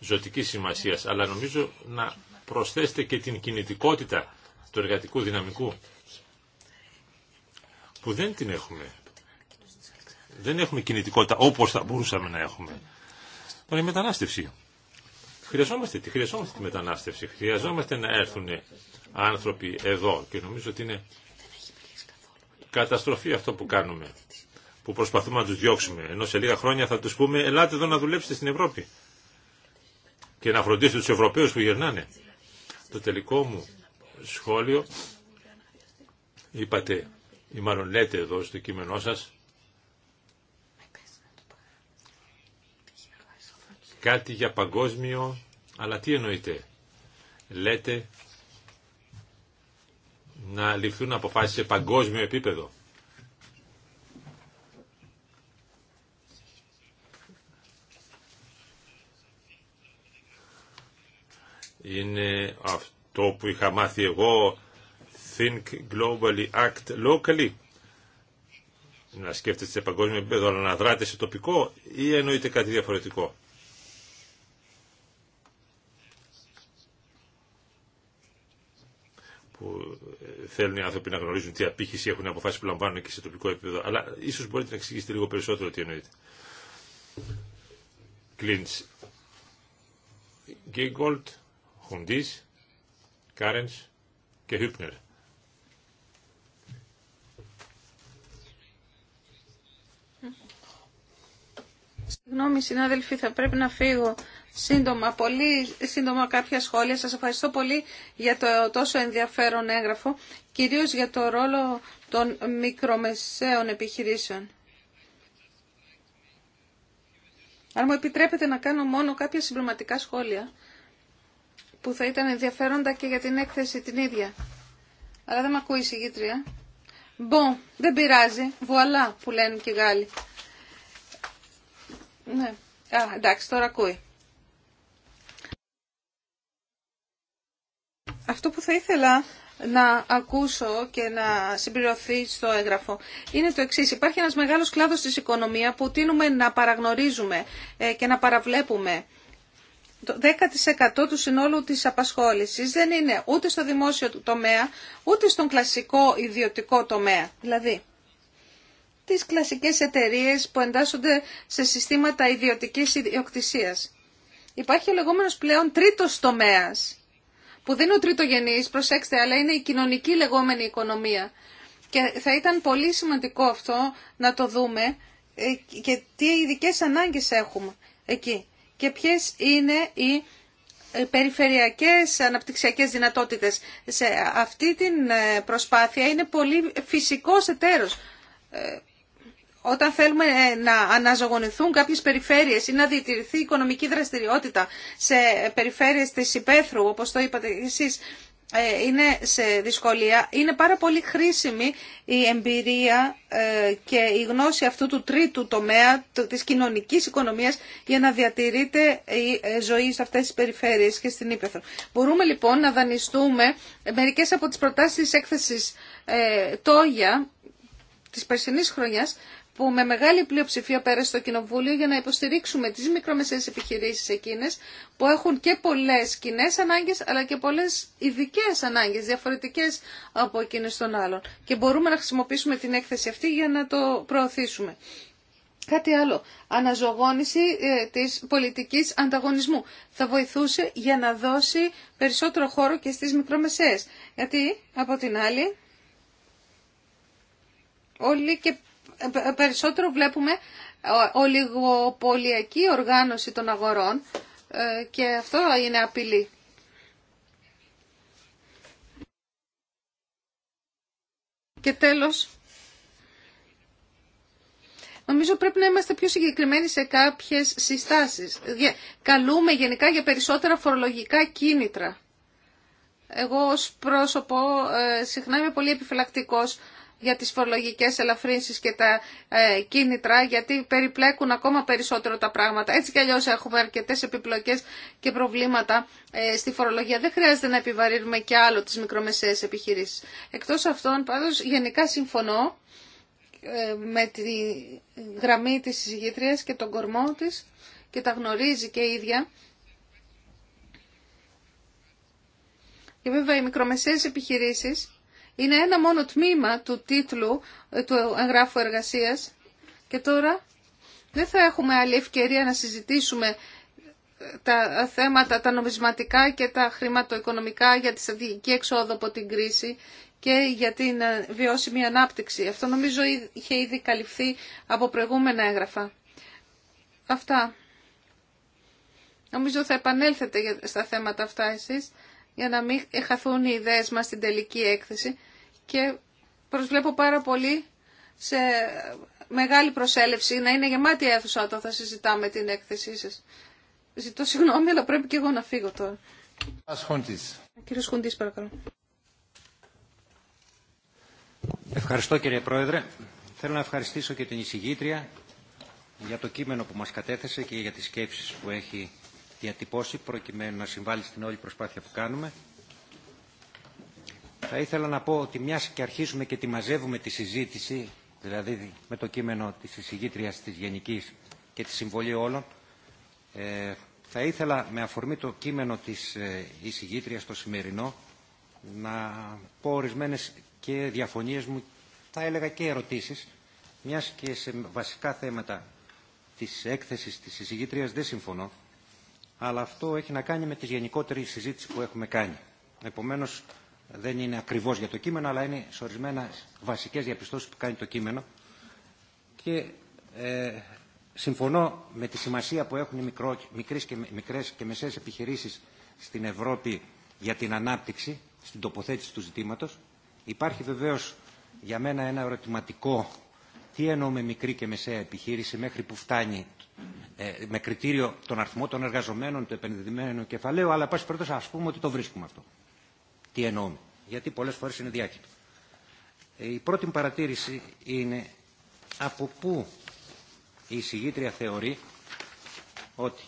ζωτική σημασία, αλλά νομίζω να προσθέσετε και την κινητικότητα του εργατικού δυναμικού που δεν την έχουμε. Δεν έχουμε κινητικότητα όπως θα μπορούσαμε να έχουμε. Τώρα η μετανάστευση. Χρειαζόμαστε τη, χρειαζόμαστε τη μετανάστευση. Χρειαζόμαστε να έρθουν άνθρωποι εδώ και νομίζω ότι είναι καταστροφή αυτό που κάνουμε που προσπαθούμε να του διώξουμε. Ενώ σε λίγα χρόνια θα του πούμε ελάτε εδώ να δουλέψετε στην Ευρώπη και να φροντίσετε τους Ευρωπαίους που γυρνάνε. Το τελικό μου σχόλιο είπατε ή μάλλον λέτε εδώ στο κείμενό σας κάτι για παγκόσμιο αλλά τι εννοείτε λέτε να ληφθούν αποφάσεις σε παγκόσμιο επίπεδο είναι αυτό που είχα μάθει εγώ Think globally, act locally να σκέφτεστε σε παγκόσμιο επίπεδο αλλά να δράτε σε τοπικό ή εννοείται κάτι διαφορετικό που ε, θέλουν οι άνθρωποι να γνωρίζουν τι απήχηση έχουν αποφάσει που λαμβάνουν και σε τοπικό επίπεδο. Αλλά ίσως μπορείτε να εξηγήσετε λίγο περισσότερο τι εννοείται. Κλίντς. Γκίγκολτ. Χουντής, και Συγγνώμη συνάδελφοι, θα πρέπει να φύγω σύντομα, πολύ σύντομα κάποια σχόλια. Σας ευχαριστώ πολύ για το τόσο ενδιαφέρον έγγραφο, κυρίως για το ρόλο των μικρομεσαίων επιχειρήσεων. Αν μου επιτρέπετε να κάνω μόνο κάποια συμπληρωματικά σχόλια που θα ήταν ενδιαφέροντα και για την έκθεση την ίδια. Αλλά δεν με ακούει η συγγήτρια. Μπο, δεν πειράζει. Βουαλά που λένε και οι Γάλλοι. Ναι. Α, εντάξει, τώρα ακούει. Αυτό που θα ήθελα να ακούσω και να συμπληρωθεί στο έγγραφο είναι το εξής. Υπάρχει ένας μεγάλος κλάδος της οικονομία που τίνουμε να παραγνωρίζουμε ε, και να παραβλέπουμε το 10% του συνόλου της απασχόλησης δεν είναι ούτε στο δημόσιο τομέα, ούτε στον κλασικό ιδιωτικό τομέα. Δηλαδή, τις κλασικές εταιρείες που εντάσσονται σε συστήματα ιδιωτικής ιδιοκτησίας. Υπάρχει ο λεγόμενος πλέον τρίτος τομέας, που δεν είναι ο τρίτογενής, προσέξτε, αλλά είναι η κοινωνική λεγόμενη οικονομία. Και θα ήταν πολύ σημαντικό αυτό να το δούμε ε, και τι ειδικέ ανάγκες έχουμε εκεί και ποιες είναι οι ε, περιφερειακές αναπτυξιακές δυνατότητες. Σε αυτή την ε, προσπάθεια είναι πολύ φυσικός εταίρος. Ε, όταν θέλουμε να αναζωογονηθούν κάποιες περιφέρειες ή να διατηρηθεί η να διατηρηθει δραστηριότητα σε περιφέρειες της υπαίθρου, όπως το είπατε εσείς, ε, είναι σε δυσκολία. Είναι πάρα πολύ χρήσιμη η εμπειρία ε, και η γνώση αυτού του τρίτου τομέα της κοινωνικής οικονομίας για να διατηρείται η ε, ζωή σε αυτές τις περιφέρειες και στην Ήπεθρο. Μπορούμε λοιπόν να δανειστούμε μερικές από τις προτάσεις της έκθεσης Τόγια της περσινής χρονιάς που με μεγάλη πλειοψηφία πέρασε στο Κοινοβούλιο για να υποστηρίξουμε τις μικρομεσαίες επιχειρήσεις εκείνες που έχουν και πολλές κοινέ ανάγκες αλλά και πολλές ειδικέ ανάγκες διαφορετικές από εκείνες των άλλων. Και μπορούμε να χρησιμοποιήσουμε την έκθεση αυτή για να το προωθήσουμε. Κάτι άλλο. Αναζωογόνηση ε, της πολιτικής ανταγωνισμού. Θα βοηθούσε για να δώσει περισσότερο χώρο και στις μικρομεσαίες. Γιατί, από την άλλη, όλοι και περισσότερο βλέπουμε ε, ολιγοπολιακή οργάνωση των αγορών ε, και αυτό είναι απειλή. Και τέλος, νομίζω πρέπει να είμαστε πιο συγκεκριμένοι σε κάποιες συστάσεις. Καλούμε γενικά για περισσότερα φορολογικά κίνητρα. Εγώ ως πρόσωπο ε, συχνά είμαι πολύ επιφυλακτικός για τις φορολογικές ελαφρύνσεις και τα ε, κίνητρα, γιατί περιπλέκουν ακόμα περισσότερο τα πράγματα. Έτσι κι αλλιώς έχουμε αρκετές επιπλοκές και προβλήματα ε, στη φορολογία. Δεν χρειάζεται να επιβαρύνουμε και άλλο τις μικρομεσαίες επιχειρήσεις. Εκτός αυτών, πάντως, γενικά συμφωνώ ε, με τη γραμμή της συζητήτριας και τον κορμό της και τα γνωρίζει και η ίδια. Και βέβαια οι μικρομεσαίες επιχειρήσεις είναι ένα μόνο τμήμα του τίτλου ε, του εγγράφου εργασίας και τώρα δεν θα έχουμε άλλη ευκαιρία να συζητήσουμε ε, τα θέματα, τα νομισματικά και τα χρηματοοικονομικά για τη στρατηγική εξόδο από την κρίση και για την ε, βιώσιμη ανάπτυξη. Αυτό νομίζω είχε ήδη καλυφθεί από προηγούμενα έγγραφα. Αυτά. Νομίζω θα επανέλθετε στα θέματα αυτά εσείς για να μην χαθούν οι ιδέες μας στην τελική έκθεση και προσβλέπω πάρα πολύ σε μεγάλη προσέλευση, να είναι γεμάτη η αίθουσα όταν θα συζητάμε την έκθεσή σας. Ζητώ συγγνώμη, αλλά πρέπει και εγώ να φύγω τώρα. Κύριος Χουντής, παρακαλώ. Ευχαριστώ κύριε Πρόεδρε. Θέλω να ευχαριστήσω και την εισηγήτρια για το κείμενο που μας κατέθεσε και για τις σκέψεις που έχει διατυπώσει προκειμένου να συμβάλλει στην όλη προσπάθεια που κάνουμε. Θα ήθελα να πω ότι μιας και αρχίζουμε και τη μαζεύουμε τη συζήτηση, δηλαδή με το κείμενο της εισηγήτριας της Γενικής και τη συμβολή όλων, ε, θα ήθελα με αφορμή το κείμενο της ε, εισηγήτριας το σημερινό να πω ορισμένε και διαφωνίες μου, θα έλεγα και ερωτήσεις, μιας και σε βασικά θέματα της έκθεσης της εισηγήτριας δεν συμφωνώ, αλλά αυτό έχει να κάνει με τη γενικότερη συζήτηση που έχουμε κάνει. Επομένως, δεν είναι ακριβώς για το κείμενο, αλλά είναι σε ορισμένα βασικές διαπιστώσεις που κάνει το κείμενο. Και ε, συμφωνώ με τη σημασία που έχουν οι μικρέ μικρές, και, μικρές και μεσαίες επιχειρήσεις στην Ευρώπη για την ανάπτυξη, στην τοποθέτηση του ζητήματος. Υπάρχει βεβαίως για μένα ένα ερωτηματικό τι εννοούμε μικρή και μεσαία επιχείρηση μέχρι που φτάνει ε, με κριτήριο τον αριθμό των εργαζομένων, του επενδυμένου κεφαλαίου, αλλά πάση περιπτώσει α πούμε ότι το βρίσκουμε αυτό τι εννοούμε. Γιατί πολλές φορές είναι διάκριτο. Η πρώτη παρατήρηση είναι από πού η εισηγήτρια θεωρεί ότι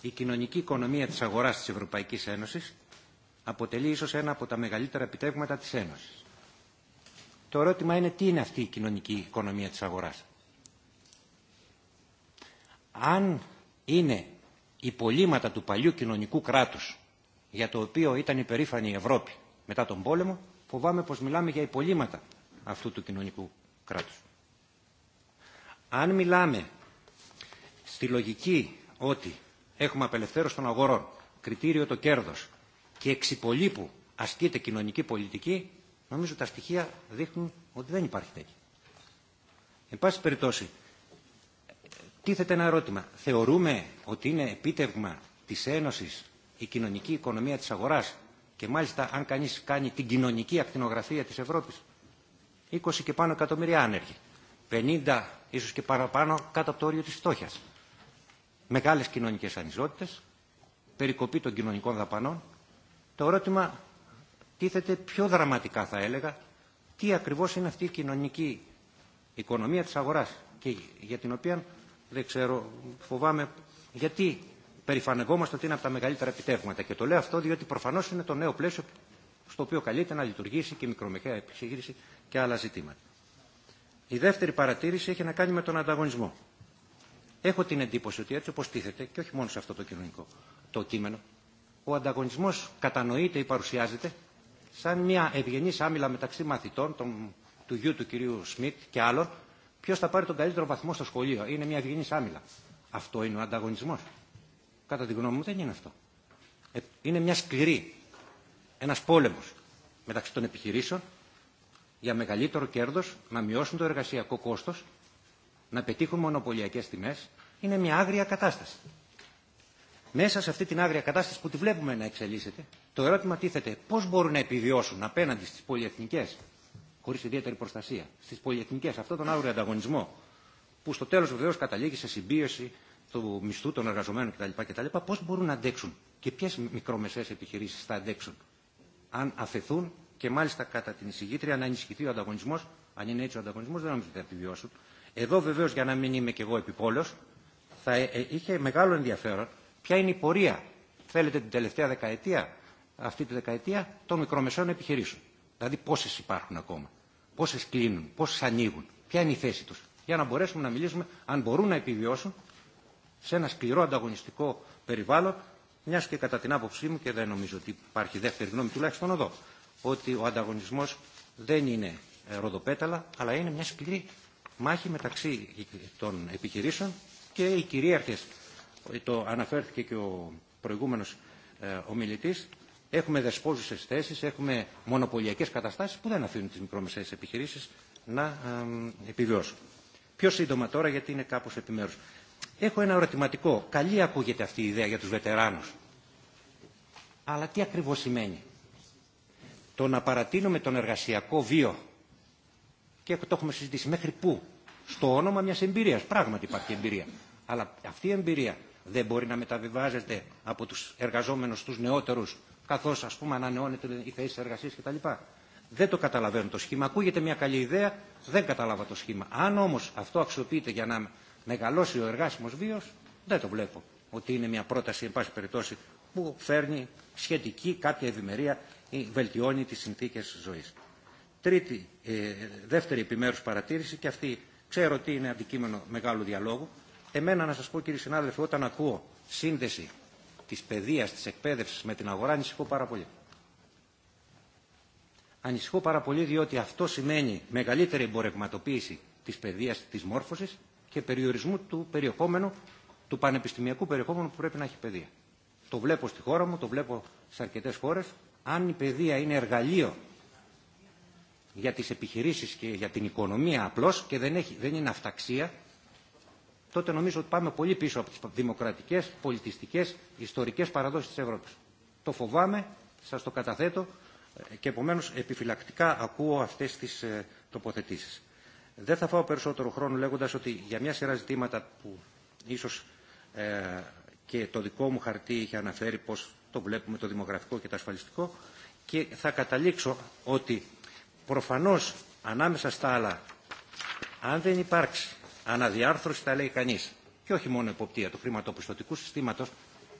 η κοινωνική οικονομία της αγοράς της Ευρωπαϊκής Ένωσης αποτελεί ίσως ένα από τα μεγαλύτερα επιτεύγματα της Ένωσης. Το ερώτημα είναι τι είναι αυτή η κοινωνική οικονομία της αγοράς. Αν είναι υπολείμματα του παλιού κοινωνικού κράτους για το οποίο ήταν υπερήφανη η Ευρώπη μετά τον πόλεμο, φοβάμαι πως μιλάμε για υπολείμματα αυτού του κοινωνικού κράτους. Αν μιλάμε στη λογική ότι έχουμε απελευθέρωση των αγορών, κριτήριο το κέρδος και εξ υπολείπου ασκείται κοινωνική πολιτική, νομίζω τα στοιχεία δείχνουν ότι δεν υπάρχει τέτοια. Εν πάση περιπτώσει, τίθεται ένα ερώτημα. Θεωρούμε ότι είναι επίτευγμα της Ένωσης η κοινωνική οικονομία της αγοράς και μάλιστα αν κανείς κάνει την κοινωνική ακτινογραφία της Ευρώπης, 20 και πάνω εκατομμύρια άνεργοι, 50 ίσως και παραπάνω κάτω από το όριο της φτώχειας. Μεγάλες κοινωνικές ανισότητες, περικοπή των κοινωνικών δαπανών. Το ερώτημα τίθεται πιο δραματικά θα έλεγα, τι ακριβώς είναι αυτή η κοινωνική οικονομία της αγοράς και για την οποία δεν ξέρω, φοβάμαι γιατί περηφανευόμαστε ότι είναι από τα μεγαλύτερα επιτεύγματα. Και το λέω αυτό διότι προφανώ είναι το νέο πλαίσιο στο οποίο καλείται να λειτουργήσει και η μικρομεχαία επιχείρηση και άλλα ζητήματα. Η δεύτερη παρατήρηση έχει να κάνει με τον ανταγωνισμό. Έχω την εντύπωση ότι έτσι όπω τίθεται, και όχι μόνο σε αυτό το κοινωνικό το κείμενο, ο ανταγωνισμό κατανοείται ή παρουσιάζεται σαν μια ευγενή άμυλα μεταξύ μαθητών, τον, του γιου του κυρίου Σμιτ και άλλων, ποιο θα πάρει τον καλύτερο βαθμό στο σχολείο. Είναι μια ευγενή άμυλα. Αυτό είναι ο ανταγωνισμό κατά τη γνώμη μου δεν είναι αυτό. Ε, είναι μια σκληρή, ένας πόλεμος μεταξύ των επιχειρήσεων για μεγαλύτερο κέρδος, να μειώσουν το εργασιακό κόστος, να πετύχουν μονοπωλιακές τιμές. Είναι μια άγρια κατάσταση. Μέσα σε αυτή την άγρια κατάσταση που τη βλέπουμε να εξελίσσεται, το ερώτημα τίθεται πώς μπορούν να επιβιώσουν απέναντι στις πολυεθνικές, χωρίς ιδιαίτερη προστασία, στις πολυεθνικές, αυτόν τον άγριο ανταγωνισμό, που στο τέλος βεβαίως καταλήγει σε συμπίωση του μισθού των εργαζομένων κτλ. κτλ πώς μπορούν να αντέξουν και ποιες μικρομεσαίες επιχειρήσεις θα αντέξουν αν αφαιθούν και μάλιστα κατά την εισηγήτρια να ενισχυθεί ο ανταγωνισμός. Αν είναι έτσι ο ανταγωνισμός δεν νομίζω ότι θα επιβιώσουν. Εδώ βεβαίω για να μην είμαι και εγώ επιπόλαιος θα ε, ε, είχε μεγάλο ενδιαφέρον ποια είναι η πορεία, θέλετε την τελευταία δεκαετία, αυτή τη δεκαετία των μικρομεσαίων επιχειρήσεων. Δηλαδή πόσες υπάρχουν ακόμα, πόσες κλείνουν, πόσες ανοίγουν, ποια είναι η θέση τους. Για να μπορέσουμε να μιλήσουμε αν μπορούν να επιβιώσουν σε ένα σκληρό ανταγωνιστικό περιβάλλον, μια και κατά την άποψή μου, και δεν νομίζω ότι υπάρχει δεύτερη γνώμη τουλάχιστον εδώ, ότι ο ανταγωνισμό δεν είναι ε, ροδοπέταλα, αλλά είναι μια σκληρή μάχη μεταξύ των επιχειρήσεων και οι κυρίαρχε, ε, το αναφέρθηκε και ο προηγούμενο ε, ομιλητή, έχουμε δεσπόζουσε θέσει, έχουμε μονοπωλιακέ καταστάσει που δεν αφήνουν τι μικρομεσαίε επιχειρήσει να επιβιώσουν. Πιο σύντομα τώρα, γιατί είναι κάπω επιμέρου. Έχω ένα ερωτηματικό. Καλή ακούγεται αυτή η ιδέα για τους βετεράνους. Αλλά τι ακριβώς σημαίνει. Το να παρατείνουμε τον εργασιακό βίο και το έχουμε συζητήσει μέχρι πού. Στο όνομα μιας εμπειρίας. Πράγματι υπάρχει εμπειρία. Αλλά αυτή η εμπειρία δεν μπορεί να μεταβιβάζεται από τους εργαζόμενους τους νεότερους καθώς ας πούμε ανανεώνεται η θέση εργασίας κτλ. Δεν το καταλαβαίνω το σχήμα. Ακούγεται μια καλή ιδέα, δεν κατάλαβα το σχήμα. Αν όμως αυτό αξιοποιείται για να μεγαλώσει ο εργάσιμος βίος, δεν το βλέπω ότι είναι μια πρόταση, εν πάση περιπτώσει, που φέρνει σχετική κάποια ευημερία ή βελτιώνει τις συνθήκες ζωής. Τρίτη, ε, δεύτερη επιμέρους παρατήρηση και αυτή ξέρω ότι είναι αντικείμενο μεγάλου διαλόγου. Εμένα να σας πω κύριε συνάδελφοι, όταν ακούω σύνδεση της παιδείας, της εκπαίδευσης με την αγορά, ανησυχώ πάρα πολύ. Ανησυχώ πάρα πολύ διότι αυτό σημαίνει μεγαλύτερη εμπορευματοποίηση της παιδείας, της μόρφωση και περιορισμού του περιεχόμενου, του πανεπιστημιακού περιεχόμενου που πρέπει να έχει παιδεία. Το βλέπω στη χώρα μου, το βλέπω σε αρκετέ χώρε. Αν η παιδεία είναι εργαλείο για τις επιχειρήσεις και για την οικονομία απλώς και δεν, έχει, δεν είναι αυταξία, τότε νομίζω ότι πάμε πολύ πίσω από τις δημοκρατικές, πολιτιστικέ, ιστορικέ παραδόσει τη Ευρώπη. Το φοβάμαι, σα το καταθέτω και επομένω επιφυλακτικά ακούω αυτέ τι ε, τοποθετήσει. Δεν θα φάω περισσότερο χρόνο λέγοντας ότι για μια σειρά ζητήματα που ίσως ε, και το δικό μου χαρτί είχε αναφέρει πώς το βλέπουμε το δημογραφικό και το ασφαλιστικό και θα καταλήξω ότι προφανώς ανάμεσα στα άλλα αν δεν υπάρξει αναδιάρθρωση τα λέει κανείς και όχι μόνο εποπτεία του χρηματοπιστωτικού συστήματος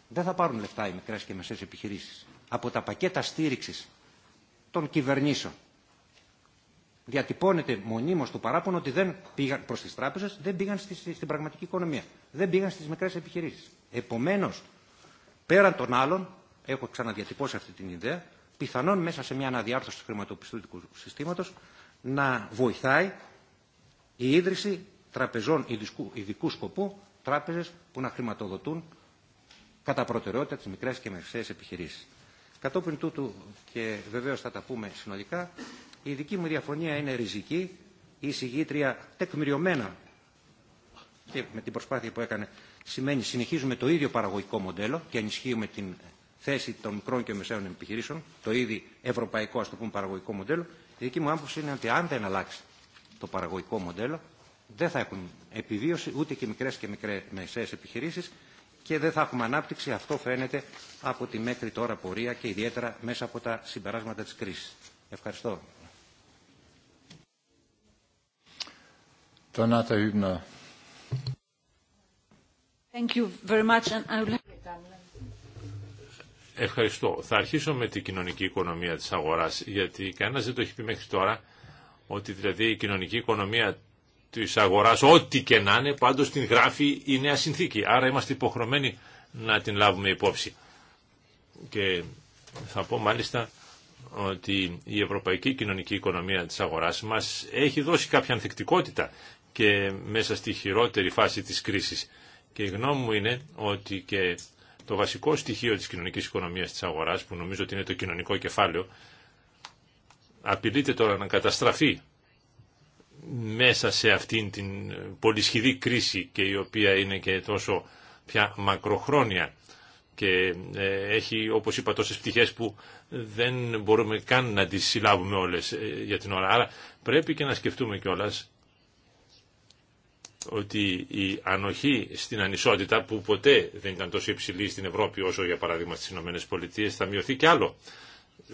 δεν θα πάρουν λεφτά οι μικρές και μεσές επιχειρήσεις από τα πακέτα στήριξης των κυβερνήσεων διατυπώνεται μονίμως το παράπονο ότι δεν πήγαν προς τις τράπεζες, δεν πήγαν στην πραγματική οικονομία, δεν πήγαν στις μικρές επιχειρήσεις. Επομένως, πέραν των άλλων, έχω ξαναδιατυπώσει αυτή την ιδέα, πιθανόν μέσα σε μια αναδιάρθρωση του χρηματοπιστωτικού συστήματος να βοηθάει η ίδρυση τραπεζών ειδικού, ειδικού σκοπού, τράπεζες που να χρηματοδοτούν κατά προτεραιότητα τις μικρές και μεσαίες επιχειρήσεις. Κατόπιν τούτου και βεβαίως θα τα πούμε συνολικά, η δική μου διαφωνία είναι ριζική. Η εισηγήτρια τεκμηριωμένα και με την προσπάθεια που έκανε σημαίνει συνεχίζουμε το ίδιο παραγωγικό μοντέλο και ενισχύουμε την θέση των μικρών και μεσαίων επιχειρήσεων, το ίδιο ευρωπαϊκό α το πούμε παραγωγικό μοντέλο. Η δική μου άποψη είναι ότι αν δεν αλλάξει το παραγωγικό μοντέλο, δεν θα έχουν επιβίωση ούτε και μικρέ και μικρέ μεσαίε επιχειρήσει και δεν θα έχουμε ανάπτυξη. Αυτό φαίνεται από τη μέχρι τώρα πορεία και ιδιαίτερα μέσα από τα συμπεράσματα τη κρίση. Ευχαριστώ. Donata Hübner. Thank you very much and I Ευχαριστώ. Θα αρχίσω με την κοινωνική οικονομία της αγοράς, γιατί κανένα δεν το έχει πει μέχρι τώρα, ότι δηλαδή η κοινωνική οικονομία της αγοράς, ό,τι και να είναι, πάντως την γράφει η νέα συνθήκη. Άρα είμαστε υποχρεωμένοι να την λάβουμε υπόψη. Και θα πω μάλιστα ότι η ευρωπαϊκή κοινωνική οικονομία της αγοράς μας έχει δώσει κάποια ανθεκτικότητα και μέσα στη χειρότερη φάση της κρίσης. Και η γνώμη μου είναι ότι και το βασικό στοιχείο της κοινωνικής οικονομίας της αγοράς, που νομίζω ότι είναι το κοινωνικό κεφάλαιο, απειλείται τώρα να καταστραφεί μέσα σε αυτήν την πολυσχηδή κρίση και η οποία είναι και τόσο πια μακροχρόνια και ε, έχει όπως είπα τόσες πτυχές που δεν μπορούμε καν να τις συλλάβουμε όλες ε, για την ώρα. Άρα πρέπει και να σκεφτούμε κιόλας ότι η ανοχή στην ανισότητα που ποτέ δεν ήταν τόσο υψηλή στην Ευρώπη όσο για παράδειγμα στις ΗΠΑ θα μειωθεί και άλλο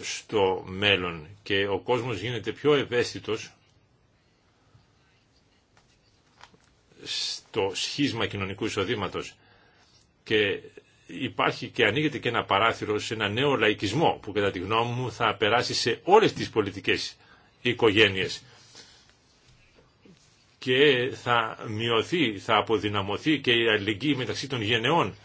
στο μέλλον και ο κόσμος γίνεται πιο ευαίσθητος στο σχίσμα κοινωνικού εισοδήματο. και υπάρχει και ανοίγεται και ένα παράθυρο σε ένα νέο λαϊκισμό που κατά τη γνώμη μου θα περάσει σε όλες τις πολιτικές οικογένειες και θα μειωθεί, θα αποδυναμωθεί και η αλληλεγγύη μεταξύ των γενεών.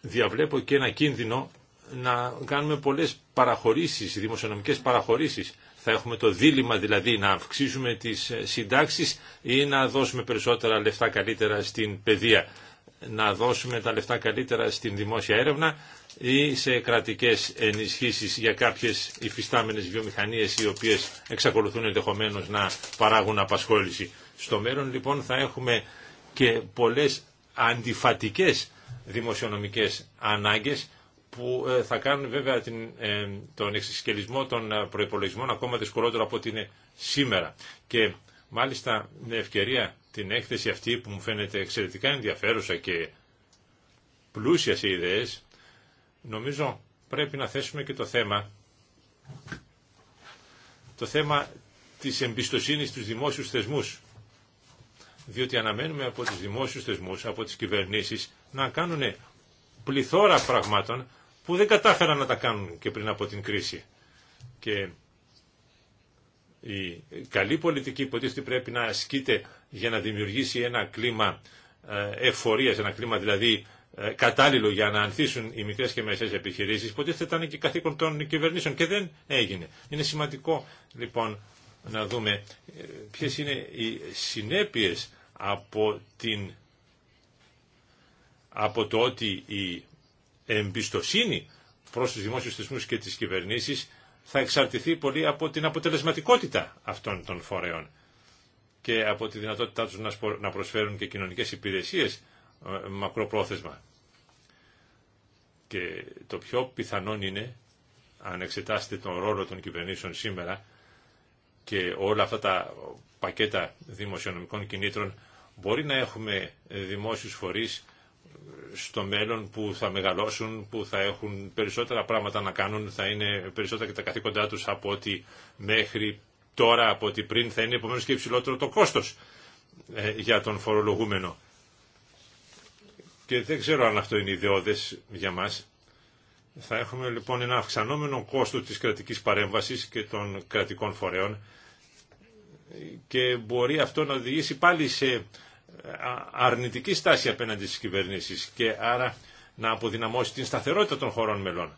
Διαβλέπω και ένα κίνδυνο να κάνουμε πολλές παραχωρήσεις, δημοσιονομικές παραχωρήσεις. Θα έχουμε το δίλημα δηλαδή να αυξήσουμε τις συντάξεις ή να δώσουμε περισσότερα λεφτά καλύτερα στην παιδεία, να δώσουμε τα λεφτά καλύτερα στην δημόσια έρευνα ή σε κρατικές ενισχύσεις για κάποιες υφιστάμενες βιομηχανίες οι οποίες εξακολουθούν ενδεχομένω να παράγουν απασχόληση. Στο μέλλον λοιπόν θα έχουμε και πολλές αντιφατικές δημοσιονομικές ανάγκες που ε, θα κάνουν βέβαια την, ε, τον εξισκελισμό των ε, προϋπολογισμών ακόμα δυσκολότερο από ό,τι είναι σήμερα. Και μάλιστα με ευκαιρία την έκθεση αυτή που μου φαίνεται εξαιρετικά ενδιαφέρουσα και πλούσια σε ιδέες Νομίζω πρέπει να θέσουμε και το θέμα το θέμα της εμπιστοσύνης στους δημόσιους θεσμούς. Διότι αναμένουμε από τους δημόσιους θεσμούς, από τις κυβερνήσεις, να κάνουν πληθώρα πραγμάτων που δεν κατάφεραν να τα κάνουν και πριν από την κρίση. Και η καλή πολιτική υποτίθεται πρέπει να ασκείται για να δημιουργήσει ένα κλίμα ε, εφορίας, ένα κλίμα δηλαδή ε, κατάλληλο για να ανθίσουν οι μικρές και μεσαίες επιχειρήσεις, ποτέ θα ήταν και καθήκον των κυβερνήσεων και δεν έγινε. Είναι σημαντικό λοιπόν να δούμε ε, ποιε είναι οι συνέπειες από, την, από το ότι η εμπιστοσύνη προς τους δημόσιου θεσμού και τις κυβερνήσεις θα εξαρτηθεί πολύ από την αποτελεσματικότητα αυτών των φορέων και από τη δυνατότητά τους να προσφέρουν και κοινωνικές υπηρεσίες ε, μακροπρόθεσμα. Και το πιο πιθανόν είναι, αν εξετάσετε τον ρόλο των κυβερνήσεων σήμερα και όλα αυτά τα πακέτα δημοσιονομικών κινήτρων, μπορεί να έχουμε δημόσιους φορείς στο μέλλον που θα μεγαλώσουν, που θα έχουν περισσότερα πράγματα να κάνουν, θα είναι περισσότερα και τα καθήκοντά τους από ότι μέχρι τώρα, από ότι πριν θα είναι επομένως και υψηλότερο το κόστος ε, για τον φορολογούμενο και δεν ξέρω αν αυτό είναι ιδεώδες για μας. Θα έχουμε λοιπόν ένα αυξανόμενο κόστο της κρατικής παρέμβασης και των κρατικών φορέων και μπορεί αυτό να οδηγήσει πάλι σε ε, αρνητική στάση απέναντι στις κυβερνήσεις και άρα να αποδυναμώσει την σταθερότητα των χωρών μελών.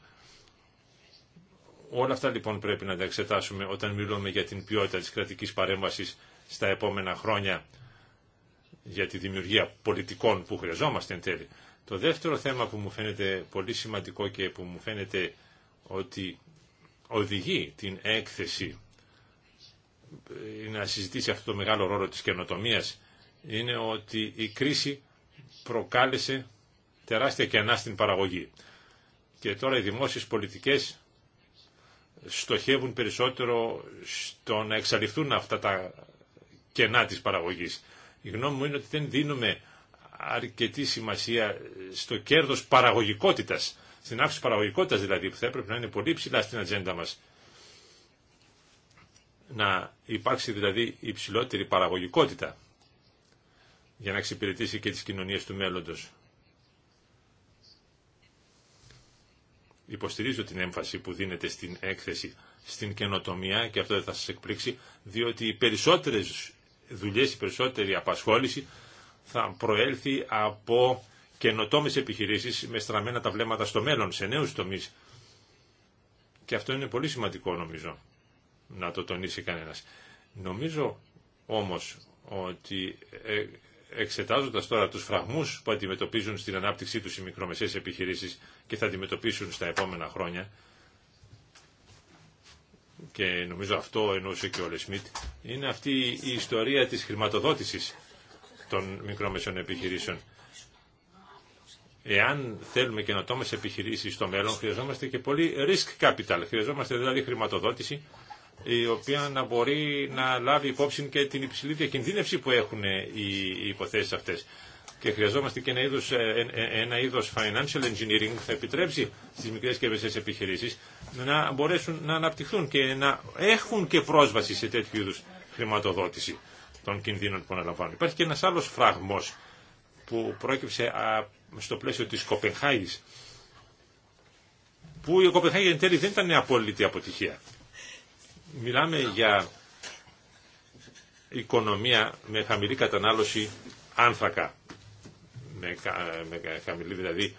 Όλα αυτά λοιπόν πρέπει να τα εξετάσουμε όταν μιλούμε για την ποιότητα της κρατικής παρέμβασης στα επόμενα χρόνια για τη δημιουργία πολιτικών που χρειαζόμαστε εν τέλει. Το δεύτερο θέμα που μου φαίνεται πολύ σημαντικό και που μου φαίνεται ότι οδηγεί την έκθεση ε, να συζητήσει αυτό το μεγάλο ρόλο της καινοτομίας είναι ότι η κρίση προκάλεσε τεράστια κενά στην παραγωγή. Και τώρα οι δημόσιες πολιτικές στοχεύουν περισσότερο στο να εξαλειφθούν αυτά τα κενά της παραγωγής. Η γνώμη μου είναι ότι δεν δίνουμε αρκετή σημασία στο κέρδος παραγωγικότητας, στην αύξηση παραγωγικότητας δηλαδή, που θα έπρεπε να είναι πολύ ψηλά στην ατζέντα μας. Να υπάρξει δηλαδή υψηλότερη παραγωγικότητα για να εξυπηρετήσει και τις κοινωνίες του μέλλοντος. Υποστηρίζω την έμφαση που δίνεται στην έκθεση στην καινοτομία και αυτό δεν θα σας εκπλήξει, διότι οι περισσότερες δουλειές, η περισσότερη απασχόληση θα προέλθει από καινοτόμε επιχειρήσεις με στραμμένα τα βλέμματα στο μέλλον, σε νέους τομείς. Και αυτό είναι πολύ σημαντικό νομίζω να το τονίσει κανένας. Νομίζω όμως ότι ε, εξετάζοντας τώρα τους φραγμούς που αντιμετωπίζουν στην ανάπτυξή τους οι μικρομεσαίες επιχειρήσεις και θα αντιμετωπίσουν στα επόμενα χρόνια, και νομίζω αυτό εννοούσε και ο Λεσμίτ, είναι αυτή η ιστορία της χρηματοδότησης των μικρομεσών επιχειρήσεων. Εάν θέλουμε καινοτόμε επιχειρήσει στο μέλλον, χρειαζόμαστε και πολύ risk capital. Χρειαζόμαστε δηλαδή χρηματοδότηση, η οποία να μπορεί να λάβει υπόψη και την υψηλή διακινδύνευση που έχουν οι υποθέσει αυτέ και χρειαζόμαστε και ένα είδος, ε, ε, ένα financial engineering που θα επιτρέψει στις μικρές και μεσές επιχειρήσεις να μπορέσουν να αναπτυχθούν και να έχουν και πρόσβαση σε τέτοιου είδους χρηματοδότηση των κινδύνων που αναλαμβάνουν. Υπάρχει και ένας άλλος φραγμός που πρόκειψε στο πλαίσιο της Κοπενχάγης που η Κοπενχάγη εν τέλει δεν ήταν απόλυτη αποτυχία. Μιλάμε για οικονομία με χαμηλή κατανάλωση άνθρακα με, με χαμηλή δηλαδή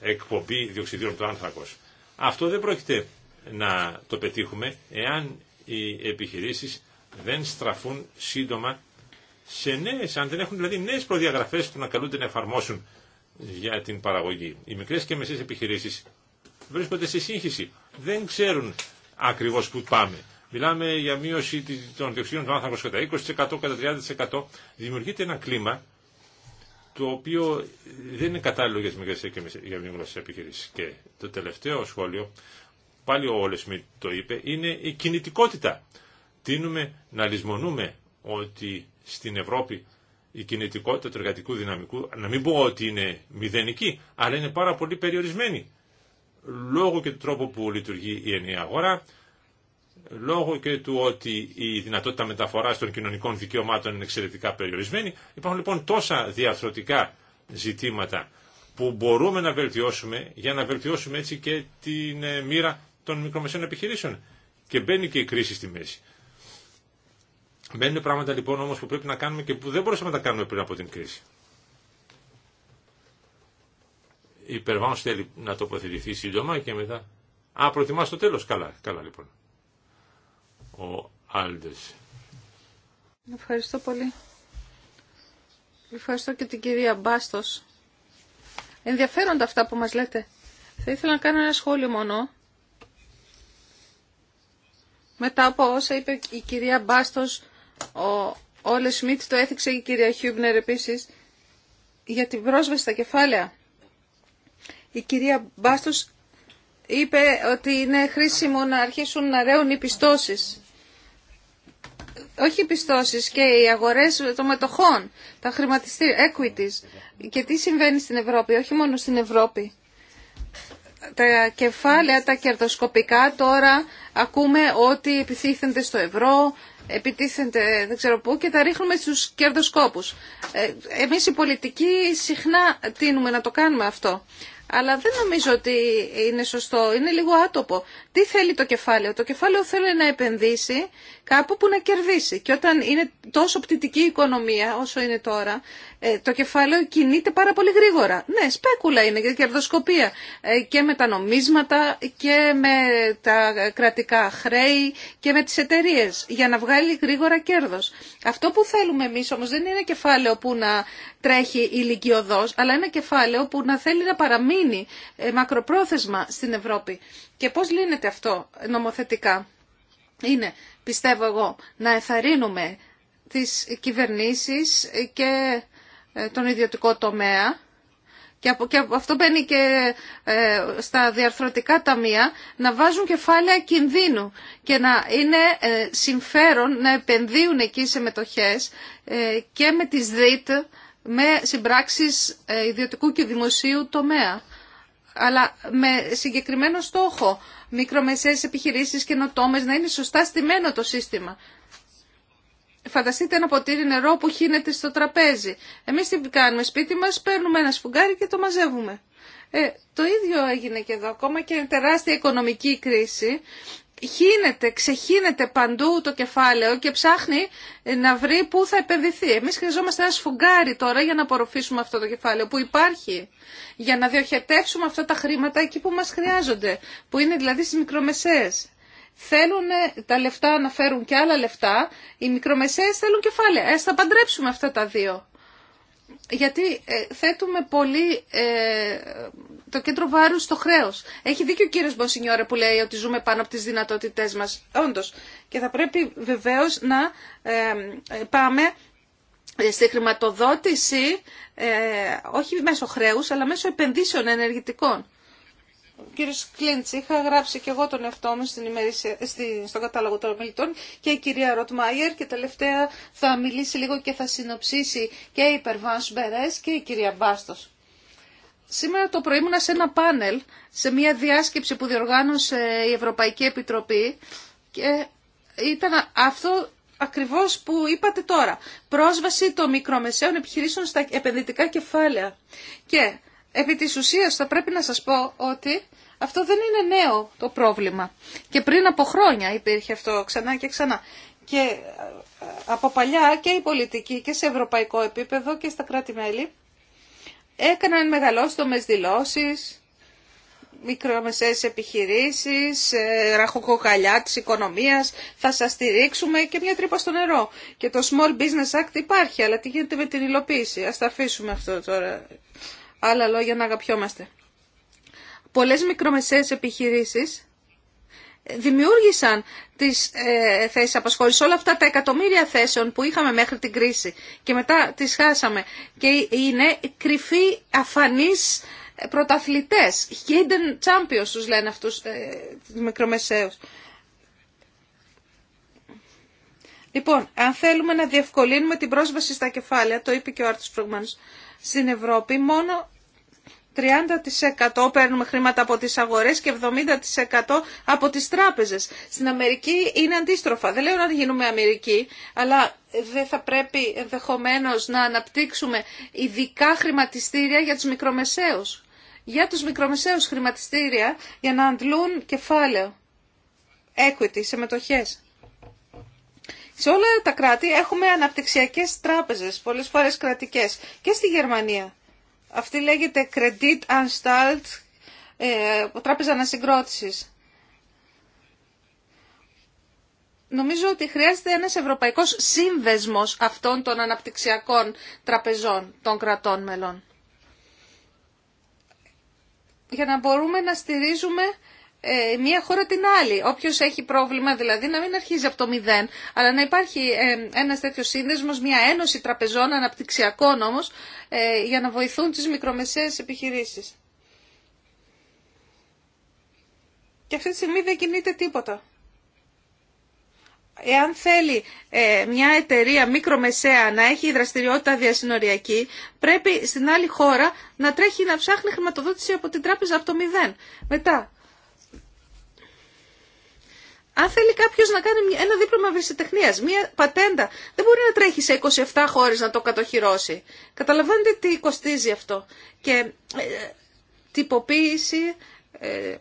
εκπομπή διοξιδίων του άνθρακος. Αυτό δεν πρόκειται να το πετύχουμε εάν οι επιχειρήσεις δεν στραφούν σύντομα σε νέες, αν δεν έχουν δηλαδή νέες προδιαγραφές που να καλούνται να εφαρμόσουν για την παραγωγή. Οι μικρές και μεσές επιχειρήσεις βρίσκονται σε σύγχυση. Δεν ξέρουν ακριβώς που πάμε. Μιλάμε για μείωση των διοξιδίων του άνθρακος κατά 20%, κατά 30%. Δημιουργείται ένα κλίμα το οποίο δεν είναι κατάλληλο για τις μικρέ και για επιχειρήσεις. Και το τελευταίο σχόλιο, πάλι ο Όλες το είπε, είναι η κινητικότητα. Τίνουμε να λησμονούμε ότι στην Ευρώπη η κινητικότητα του εργατικού δυναμικού, να μην πω ότι είναι μηδενική, αλλά είναι πάρα πολύ περιορισμένη. Λόγω και του τρόπου που λειτουργεί η ενιαία αγορά, λόγω και του ότι η δυνατότητα μεταφοράς των κοινωνικών δικαιωμάτων είναι εξαιρετικά περιορισμένη. Υπάρχουν λοιπόν τόσα διαρθρωτικά ζητήματα που μπορούμε να βελτιώσουμε για να βελτιώσουμε έτσι και την ε, μοίρα των μικρομεσαίων επιχειρήσεων. Και μπαίνει και η κρίση στη μέση. Μπαίνουν πράγματα λοιπόν όμως που πρέπει να κάνουμε και που δεν μπορούσαμε να τα κάνουμε πριν από την κρίση. Η θέλει να τοποθετηθεί σύντομα και μετά... Α, προτιμάς το τέλος. Καλά, καλά λοιπόν ο Άλντες. Ευχαριστώ πολύ. Ευχαριστώ και την κυρία Μπάστος. Ενδιαφέροντα αυτά που μας λέτε. Θα ήθελα να κάνω ένα σχόλιο μόνο. Μετά από όσα είπε η κυρία Μπάστος, ο Όλε Σμιτ το έθιξε η κυρία Χιούμπνερ επίσης, για την πρόσβαση στα κεφάλαια. Η κυρία Μπάστος είπε ότι είναι χρήσιμο να αρχίσουν να ρέουν οι πιστώσεις όχι οι πιστώσεις και οι αγορές των μετοχών, τα χρηματιστήρια, equities. Και τι συμβαίνει στην Ευρώπη, όχι μόνο στην Ευρώπη. Τα κεφάλαια, τα κερδοσκοπικά τώρα ακούμε ότι επιτίθενται στο ευρώ, επιτίθενται δεν ξέρω πού και τα ρίχνουμε στους κερδοσκόπους. Ε, εμείς οι πολιτικοί συχνά τίνουμε να το κάνουμε αυτό αλλά δεν νομίζω ότι είναι σωστό, είναι λίγο άτοπο. Τι θέλει το κεφάλαιο. Το κεφάλαιο θέλει να επενδύσει κάπου που να κερδίσει. Και όταν είναι τόσο πτυτική η οικονομία όσο είναι τώρα, ε, το κεφάλαιο κινείται πάρα πολύ γρήγορα. Ναι, σπέκουλα είναι και κερδοσκοπία ε, και με τα νομίσματα και με τα κρατικά χρέη και με τις εταιρείε για να βγάλει γρήγορα κέρδος. Αυτό που θέλουμε εμείς όμως δεν είναι κεφάλαιο που να τρέχει ηλικιωδώς, αλλά ένα κεφάλαιο που να θέλει να παραμείνει ε, μακροπρόθεσμα στην Ευρώπη. Και πώς λύνεται αυτό νομοθετικά. Είναι, πιστεύω εγώ, να εθαρρύνουμε τις κυβερνήσεις και ε, τον ιδιωτικό τομέα και αυτό μπαίνει και ε, στα διαρθρωτικά ταμεία, να βάζουν κεφάλαια κινδύνου και να είναι ε, συμφέρον να επενδύουν εκεί σε μετοχές και με τις ΔΕΤ με συμπράξεις ιδιωτικού και δημοσίου τομέα. Αλλά με συγκεκριμένο στόχο, μικρομεσαίες επιχειρήσεις, καινοτόμες, να είναι σωστά στημένο το σύστημα. Φανταστείτε ένα ποτήρι νερό που χύνεται στο τραπέζι. Εμείς τι κάνουμε σπίτι μας, παίρνουμε ένα σφουγγάρι και το μαζεύουμε. Ε, το ίδιο έγινε και εδώ, ακόμα και τεράστια οικονομική κρίση. Χύνεται, ξεχύνεται παντού το κεφάλαιο και ψάχνει ε, να βρει πού θα επενδυθεί. Εμείς χρειαζόμαστε ένα σφουγγάρι τώρα για να απορροφήσουμε αυτό το κεφάλαιο που υπάρχει, για να διοχετεύσουμε αυτά τα χρήματα εκεί που μας χρειάζονται, που είναι δηλαδή στις μικρομεσαίες θέλουν τα λεφτά να φέρουν και άλλα λεφτά, οι μικρομεσαίες θέλουν κεφάλαια. Ε, θα παντρέψουμε αυτά τα δύο. Γιατί ε, θέτουμε πολύ ε, το κέντρο βάρους στο χρέος. Έχει δίκιο ο κύριος Μποσσινιόρε που λέει ότι ζούμε πάνω από τις δυνατότητές μας. Όντως. Και θα πρέπει βεβαίως να ε, πάμε στη χρηματοδότηση όχι μέσω χρέους αλλά μέσω επενδύσεων ενεργητικών. Κύριο κύριος Κλίντς, είχα γράψει και εγώ τον εαυτό μου στην ημερήσια, στον κατάλογο των ομιλητών και η κυρία Ροτμάιερ και τελευταία θα μιλήσει λίγο και θα συνοψίσει και η Περβάνς Μπερές και η κυρία Μπάστος. Σήμερα το πρωί ήμουνα σε ένα πάνελ, σε μια διάσκεψη που διοργάνωσε η Ευρωπαϊκή Επιτροπή και ήταν αυτό ακριβώς που είπατε τώρα. Πρόσβαση των μικρομεσαίων επιχειρήσεων στα επενδυτικά κεφάλαια. Και επί της ουσίας θα πρέπει να σας πω ότι αυτό δεν είναι νέο το πρόβλημα. Και πριν από χρόνια υπήρχε αυτό ξανά και ξανά. Και ε, από παλιά και η πολιτική και σε ευρωπαϊκό επίπεδο και στα κράτη-μέλη έκαναν μεγαλόστομες δηλώσεις, μικρομεσαίες επιχειρήσεις, ε, ραχοκοκαλιά της οικονομίας, θα σας στηρίξουμε και μια τρύπα στο νερό. Και το Small Business Act υπάρχει, αλλά τι γίνεται με την υλοποίηση. Ας τα αφήσουμε αυτό τώρα άλλα λόγια να αγαπιόμαστε. Πολλές μικρομεσαίες επιχειρήσεις δημιούργησαν τις ε, θέσεις απασχόλησης, όλα αυτά τα εκατομμύρια θέσεων που είχαμε μέχρι την κρίση και μετά τις χάσαμε και είναι κρυφοί αφανείς πρωταθλητές, hidden champions τους λένε αυτούς ε, τους μικρομεσαίους. Λοιπόν, αν θέλουμε να διευκολύνουμε την πρόσβαση στα κεφάλαια, το είπε και ο Άρτης προηγουμένως, στην Ευρώπη μόνο 30% παίρνουμε χρήματα από τις αγορές και 70% από τις τράπεζες. Στην Αμερική είναι αντίστροφα. Δεν λέω να γίνουμε Αμερική, αλλά δεν θα πρέπει ενδεχομένω να αναπτύξουμε ειδικά χρηματιστήρια για τους μικρομεσαίους. Για τους μικρομεσαίους χρηματιστήρια για να αντλούν κεφάλαιο, equity, σε σε όλα τα κράτη έχουμε αναπτυξιακές τράπεζες, πολλές φορές κρατικές. Και στη Γερμανία. Αυτή λέγεται Credit Anstalt, ε, τράπεζα ανασυγκρότησης. Νομίζω ότι χρειάζεται ένας ευρωπαϊκός σύνδεσμος αυτών των αναπτυξιακών τραπεζών των κρατών μελών. Για να μπορούμε να στηρίζουμε ε, μία χώρα την άλλη. Όποιος έχει πρόβλημα δηλαδή να μην αρχίζει από το μηδέν, αλλά να υπάρχει ε, ένας τέτοιος σύνδεσμος, μία ένωση τραπεζών αναπτυξιακών όμως, ε, για να βοηθούν τις μικρομεσαίες επιχειρήσεις. Και αυτή τη στιγμή δεν κινείται τίποτα. Εάν θέλει ε, μια εταιρεία μικρομεσαία να έχει δραστηριότητα διασυνοριακή, πρέπει στην άλλη χώρα να τρέχει να ψάχνει χρηματοδότηση από την τράπεζα από το μηδέν. Μετά, αν θέλει κάποιο να κάνει ένα δίπλωμα βρισιτεχνία, μία πατέντα, δεν μπορεί να τρέχει σε 27 χώρε να το κατοχυρώσει. Καταλαβαίνετε τι κοστίζει αυτό. Και ε, τυποποίηση ε,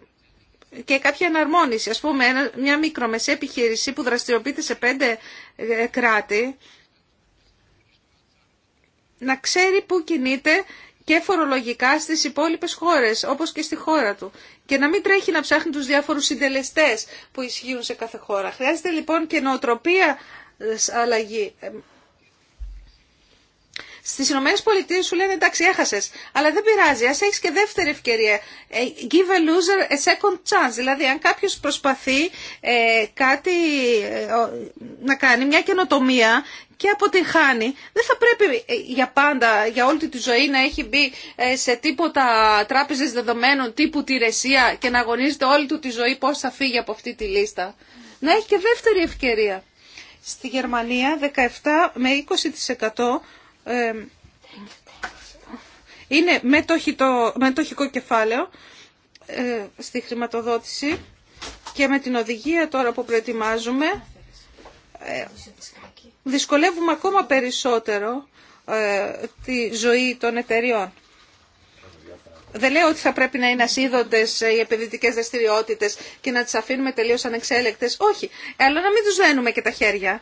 και κάποια εναρμόνιση. Α πούμε, μια μικρομεσαία επιχείρηση που δραστηριοποιείται σε πέντε ε, κράτη να ξέρει πού κινείται και φορολογικά στις υπόλοιπες χώρες, όπως και στη χώρα του. Και να μην τρέχει να ψάχνει τους διάφορους συντελεστές που ισχύουν σε κάθε χώρα. Χρειάζεται λοιπόν και νοοτροπία ε, αλλαγή. Ε, Στι Ηνωμένε Πολιτείε σου λένε εντάξει, έχασε. Αλλά δεν πειράζει, α έχει και δεύτερη ευκαιρία. Ε, give a loser a second chance. Δηλαδή, αν κάποιο προσπαθεί ε, κάτι ε, να κάνει, μια καινοτομία και αποτυγχάνει, δεν θα πρέπει για πάντα, για όλη τη ζωή να έχει μπει σε τίποτα τράπεζες δεδομένων τύπου τη Ρεσία και να αγωνίζεται όλη του τη ζωή πώ θα φύγει από αυτή τη λίστα. Να έχει και δεύτερη ευκαιρία. Στη Γερμανία 17 με 20% ε, είναι μετοχικό, μετοχικό κεφάλαιο ε, στη χρηματοδότηση και με την οδηγία τώρα που προετοιμάζουμε ε, δυσκολεύουμε ακόμα περισσότερο τη ζωή των εταιριών. Δεν λέω ότι θα πρέπει να είναι ασίδοντε οι επενδυτικέ δραστηριότητε και να τι αφήνουμε τελείω ανεξέλεκτε. Όχι. Αλλά να μην του δένουμε και τα χέρια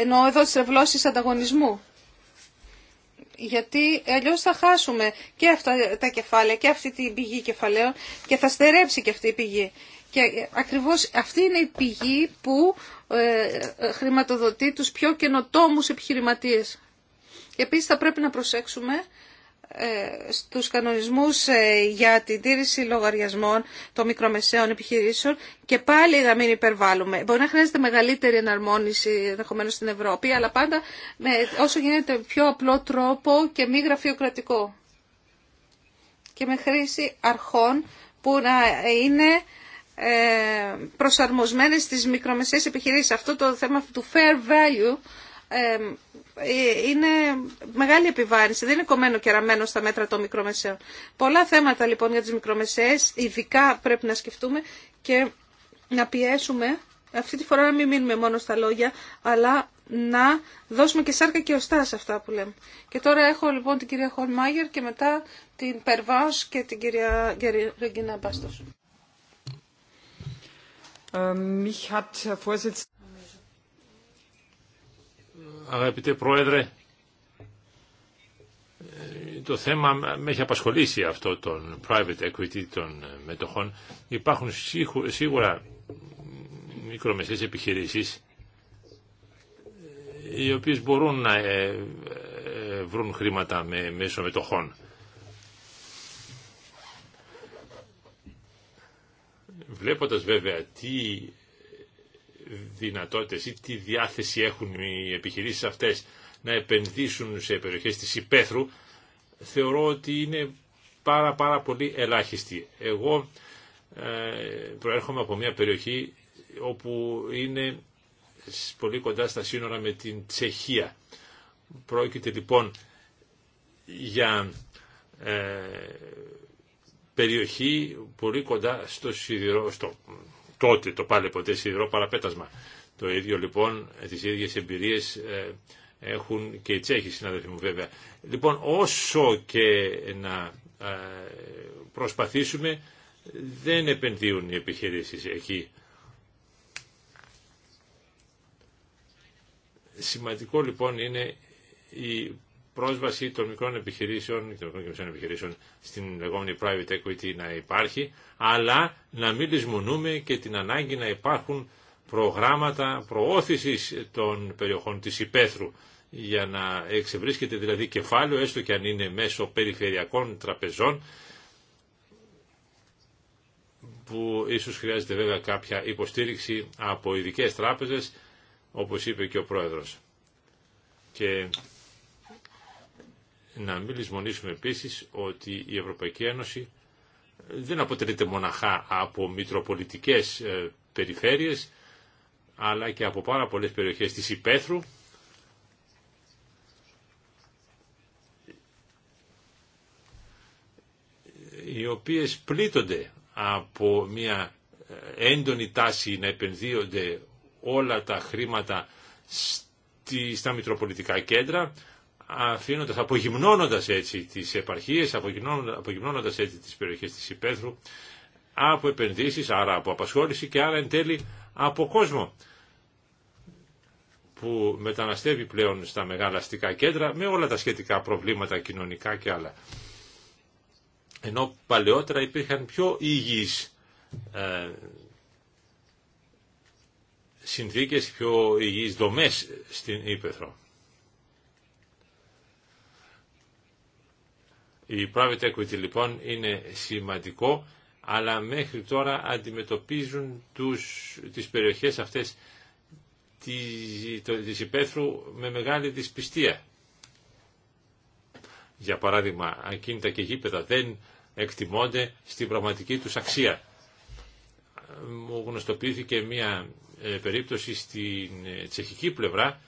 ενώ εδώ τις ευλώσεις ανταγωνισμού. Γιατί αλλιώ θα χάσουμε και αυτά τα κεφάλαια και αυτή την πηγή κεφαλαίων και θα στερέψει και αυτή η πηγή. Και ακριβώς αυτή είναι η πηγή που ε, χρηματοδοτεί τους πιο καινοτόμους επιχειρηματίες. Επίσης θα πρέπει να προσέξουμε ε, στους κανονισμούς ε, για την τήρηση λογαριασμών των μικρομεσαίων επιχειρήσεων και πάλι να μην υπερβάλλουμε. Μπορεί να χρειάζεται μεγαλύτερη εναρμόνιση ενδεχομένω στην Ευρώπη, αλλά πάντα με όσο γίνεται πιο απλό τρόπο και μη γραφειοκρατικό. Και με χρήση αρχών που να είναι ε, προσαρμοσμένες στις μικρομεσαίες επιχειρήσεις. Αυτό το θέμα του fair value ε, είναι μεγάλη επιβάρυνση, δεν είναι κομμένο και ραμμένο στα μέτρα των μικρομεσαίων. Πολλά θέματα λοιπόν για τις μικρομεσαίες, ειδικά πρέπει να σκεφτούμε και να πιέσουμε, αυτή τη φορά να μην μείνουμε μόνο στα λόγια, αλλά να δώσουμε και σάρκα και οστά σε αυτά που λέμε. Και τώρα έχω λοιπόν την κυρία Χολμάγερ και μετά την Περβάος και την κυρία Ρεγκίνα Μπάστος. Ε, Αγαπητέ Πρόεδρε, το θέμα με έχει απασχολήσει αυτό των private equity των μετοχών. Υπάρχουν σίγουρα μικρομεσαίες επιχειρήσεις οι οποίες μπορούν να ε, ε, βρουν χρήματα με μέσω μετοχών. Βλέποντας βέβαια τι δυνατότητες ή τι διάθεση έχουν οι επιχειρήσεις αυτές να επενδύσουν σε περιοχές της υπαίθρου, θεωρώ ότι είναι πάρα πάρα πολύ ελάχιστη. Εγώ ε, προέρχομαι από μια περιοχή όπου είναι πολύ κοντά στα σύνορα με την Τσεχία. Πρόκειται λοιπόν για ε, περιοχή πολύ κοντά στο, σιδηρό, τότε το πάλι ποτέ σιδηρό παραπέτασμα. Το ίδιο λοιπόν, τις ίδιες εμπειρίες ε, έχουν και οι Τσέχοι συνάδελφοι μου βέβαια. Λοιπόν, όσο και να ε, προσπαθήσουμε, δεν επενδύουν οι επιχειρήσεις εκεί. Σημαντικό λοιπόν είναι η πρόσβαση των μικρών επιχειρήσεων, των μικρών και επιχειρήσεων στην λεγόμενη private equity να υπάρχει, αλλά να μην λησμονούμε και την ανάγκη να υπάρχουν προγράμματα προώθησης των περιοχών της υπαίθρου για να εξευρίσκεται δηλαδή κεφάλαιο έστω και αν είναι μέσω περιφερειακών τραπεζών που ίσως χρειάζεται βέβαια κάποια υποστήριξη από ειδικές τράπεζες όπως είπε και ο Πρόεδρος. Και να μην λησμονήσουμε επίσης ότι η Ευρωπαϊκή Ένωση δεν αποτελείται μοναχά από μητροπολιτικές ε, περιφέρειες, αλλά και από πάρα πολλές περιοχές της Υπέθρου, οι οποίες πλήττονται από μια ε, έντονη τάση να επενδύονται όλα τα χρήματα στα Μητροπολιτικά Κέντρα, αφήνοντας, απογυμνώνοντας έτσι τις επαρχίες, απογυμνώνοντας έτσι τις περιοχές της Υπέθρου από επενδύσεις, άρα από απασχόληση και άρα εν τέλει από κόσμο που μεταναστεύει πλέον στα μεγάλα αστικά κέντρα με όλα τα σχετικά προβλήματα κοινωνικά και άλλα. Ενώ παλαιότερα υπήρχαν πιο υγιείς ε, συνθήκες, πιο υγιείς δομές στην Ήπεθρο. Η private equity λοιπόν είναι σημαντικό, αλλά μέχρι τώρα αντιμετωπίζουν τους, τις περιοχές αυτές της, το, της υπαίθρου με μεγάλη δυσπιστία. Για παράδειγμα, ακίνητα και γήπεδα δεν εκτιμώνται στην πραγματική τους αξία. Μου γνωστοποιήθηκε μια ε, περίπτωση στην ε, τσεχική πλευρά,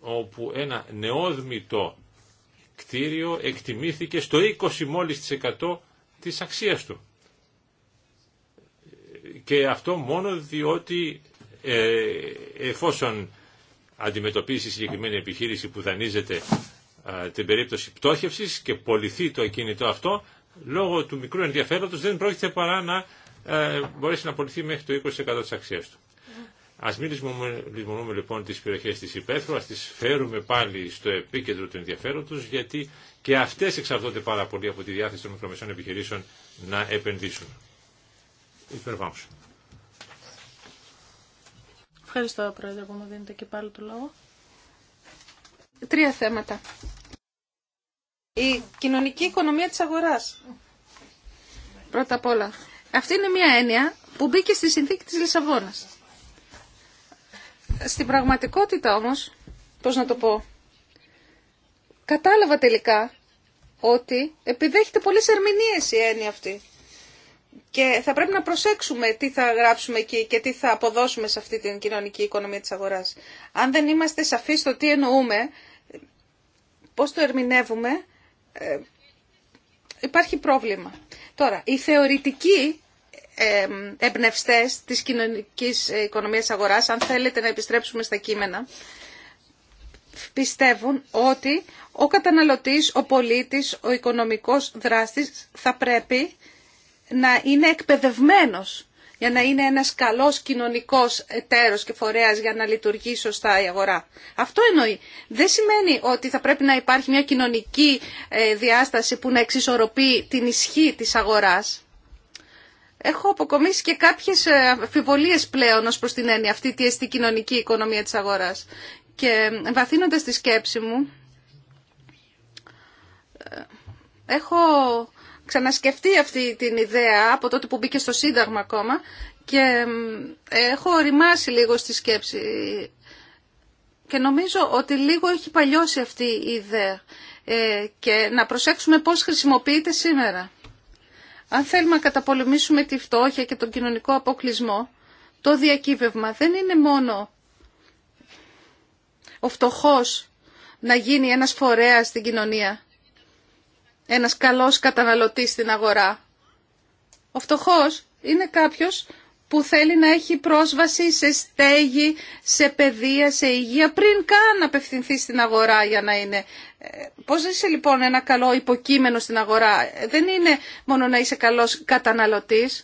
όπου ένα νεόδμητο κτίριο εκτιμήθηκε στο 20 μόλις της 100 της αξίας του. Και αυτό μόνο διότι ε, εφόσον αντιμετωπίσει συγκεκριμένη επιχείρηση που δανείζεται την περίπτωση πτώχευσης και πολιθεί το ακίνητο αυτό, λόγω του μικρού ενδιαφέροντος δεν πρόκειται παρά να ε, μπορέσει να πολιθεί μέχρι το 20% της αξίας του. Ας μην λησμονούμε λοιπόν τις περιοχές της υπαίθρου, ας τις φέρουμε πάλι στο επίκεντρο του ενδιαφέροντος, γιατί και αυτές εξαρτώνται πάρα πολύ από τη διάθεση των μικρομεσαίων επιχειρήσεων να επενδύσουν. Υπερβάμψω. Ευχαριστώ, Πρόεδρε, που μου δίνετε και πάλι το λόγο. Τρία θέματα. Η κοινωνική οικονομία της αγοράς. Πρώτα απ' όλα. Αυτή είναι μια έννοια που μπήκε στη συνθήκη της Λισαβόνας. Στην πραγματικότητα όμως, πώς να το πω, κατάλαβα τελικά ότι επιδέχεται πολλές ερμηνείες η έννοια αυτή. Και θα πρέπει να προσέξουμε τι θα γράψουμε εκεί και τι θα αποδώσουμε σε αυτή την κοινωνική οικονομία της αγοράς. Αν δεν είμαστε σαφείς στο τι εννοούμε, πώς το ερμηνεύουμε, ε, υπάρχει πρόβλημα. Τώρα, η θεωρητική εμπνευστέ της κοινωνικής ε, οικονομίας αγοράς, αν θέλετε να επιστρέψουμε στα κείμενα, πιστεύουν ότι ο καταναλωτής, ο πολίτης, ο οικονομικός δράστης θα πρέπει να είναι εκπαιδευμένο για να είναι ένας καλός κοινωνικός εταίρος και φορέας για να λειτουργεί σωστά η αγορά. Αυτό εννοεί. Δεν σημαίνει ότι θα πρέπει να υπάρχει μια κοινωνική ε, διάσταση που να εξισορροπεί την ισχύ της αγοράς. Έχω αποκομίσει και κάποιες ε, αφιβολίε πλέον ως προς την έννοια αυτή τη κοινωνική οικονομία της αγοράς. Και ε, βαθύνοντας τη σκέψη μου, ε, έχω ξανασκεφτεί αυτή την ιδέα από τότε που μπήκε στο Σύνταγμα ακόμα και έχω οριμάσει λίγο στη σκέψη και νομίζω ότι λίγο έχει παλιώσει αυτή η ιδέα και να προσέξουμε πώς χρησιμοποιείται σήμερα. Αν θέλουμε να καταπολεμήσουμε τη φτώχεια και τον κοινωνικό αποκλεισμό, το διακύβευμα δεν είναι μόνο ο φτωχός να γίνει ένας φορέας στην κοινωνία, ένας καλός καταναλωτής στην αγορά. Ο φτωχός είναι κάποιος που θέλει να έχει πρόσβαση σε στέγη, σε παιδεία, σε υγεία, πριν καν απευθυνθεί στην αγορά για να είναι. Ε, Πώ είσαι λοιπόν ένα καλό υποκείμενο στην αγορά. Δεν είναι μόνο να είσαι καλός καταναλωτής.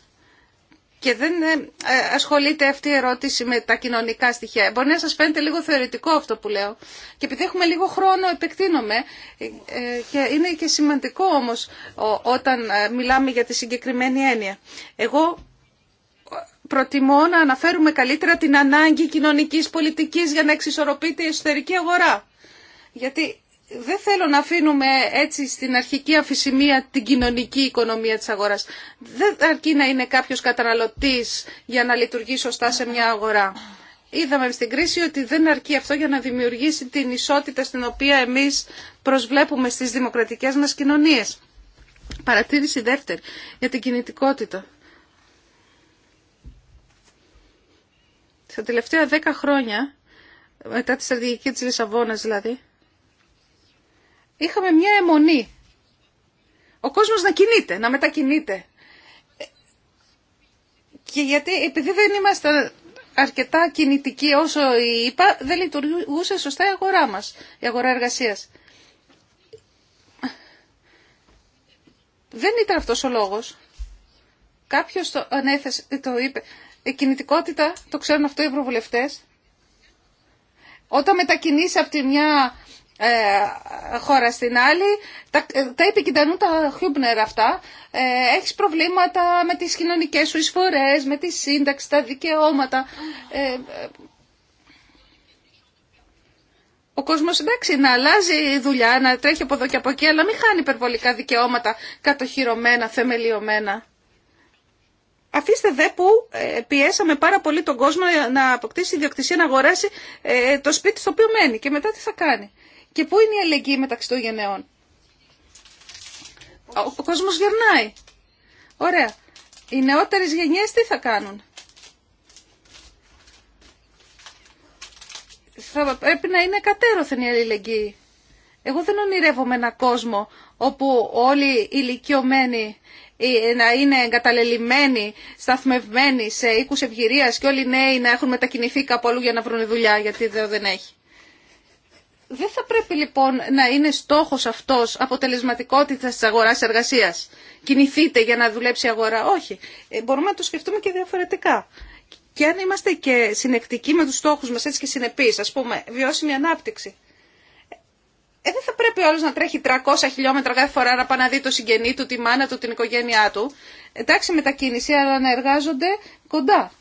Και δεν ε, ασχολείται αυτή η ερώτηση με τα κοινωνικά στοιχεία. Μπορεί να σας φαίνεται λίγο θεωρητικό αυτό που λέω. Και επειδή έχουμε λίγο χρόνο επεκτείνομαι ε, και είναι και σημαντικό όμως όταν μιλάμε για τη συγκεκριμένη έννοια. Εγώ προτιμώ να αναφέρουμε καλύτερα την ανάγκη κοινωνικής πολιτικής για να εξισορροπείται η εσωτερική αγορά. Γιατί δεν θέλω να αφήνουμε έτσι στην αρχική αφησημία την κοινωνική οικονομία της αγοράς. Δεν αρκεί να είναι κάποιος καταναλωτής για να λειτουργεί σωστά σε μια αγορά. Είδαμε στην κρίση ότι δεν αρκεί αυτό για να δημιουργήσει την ισότητα στην οποία εμείς προσβλέπουμε στις δημοκρατικές μας κοινωνίες. Παρατήρηση δεύτερη για την κινητικότητα. Στα τελευταία δέκα χρόνια, μετά τη στρατηγική της Λισαβόνας δηλαδή, είχαμε μια αιμονή. Ο κόσμος να κινείται, να μετακινείται. Και γιατί, επειδή δεν είμαστε αρκετά κινητικοί όσο είπα, δεν λειτουργούσε σωστά η αγορά μας, η αγορά εργασίας. Δεν ήταν αυτός ο λόγος. Κάποιος το ανέθεσε, το είπε η ε, κινητικότητα, το ξέρουν αυτό οι ευρωβουλευτέ. όταν μετακινείς από τη μια ε, χώρα στην άλλη, τα, ε, τα επικοινωνούν τα χιούμπνερ αυτά, ε, έχεις προβλήματα με τις κοινωνικές σου εισφορές, με τη σύνταξη, τα δικαιώματα. ο κόσμο εντάξει να αλλάζει δουλειά, να τρέχει από εδώ και από εκεί, αλλά μην χάνει υπερβολικά δικαιώματα κατοχυρωμένα, θεμελιωμένα. Αφήστε δε που ε, πιέσαμε πάρα πολύ τον κόσμο να αποκτήσει ιδιοκτησία, να αγοράσει ε, το σπίτι στο οποίο μένει και μετά τι θα κάνει. Και πού είναι η αλληλεγγύη μεταξύ των γενναιών. Ο κόσμος γερνάει. Ωραία. Οι νεότερες γενιές τι θα κάνουν. Θα πρέπει να είναι κατέρωθεν η αλληλεγγύη. Εγώ δεν ονειρεύομαι έναν κόσμο όπου όλοι οι ηλικιωμένοι ε, να είναι εγκαταλελειμμένοι, σταθμευμένοι σε οίκους ευγυρία και όλοι οι νέοι να έχουν μετακινηθεί κάπου αλλού για να βρουν δουλειά, γιατί εδώ δεν έχει. Δεν θα πρέπει λοιπόν να είναι στόχος αυτός αποτελεσματικότητα της αγοράς εργασίας. Κινηθείτε για να δουλέψει η αγορά. Όχι. Ε, μπορούμε να το σκεφτούμε και διαφορετικά. Και αν είμαστε και συνεκτικοί με τους στόχους μας έτσι και συνεπείς, ας πούμε, βιώσιμη ανάπτυξη. Ε, δεν θα πρέπει όλο να τρέχει 300 χιλιόμετρα κάθε φορά να πάει να δει το συγγενή του, τη μάνα του, την οικογένειά του. Εντάξει μετακίνηση, αλλά να εργάζονται κοντά.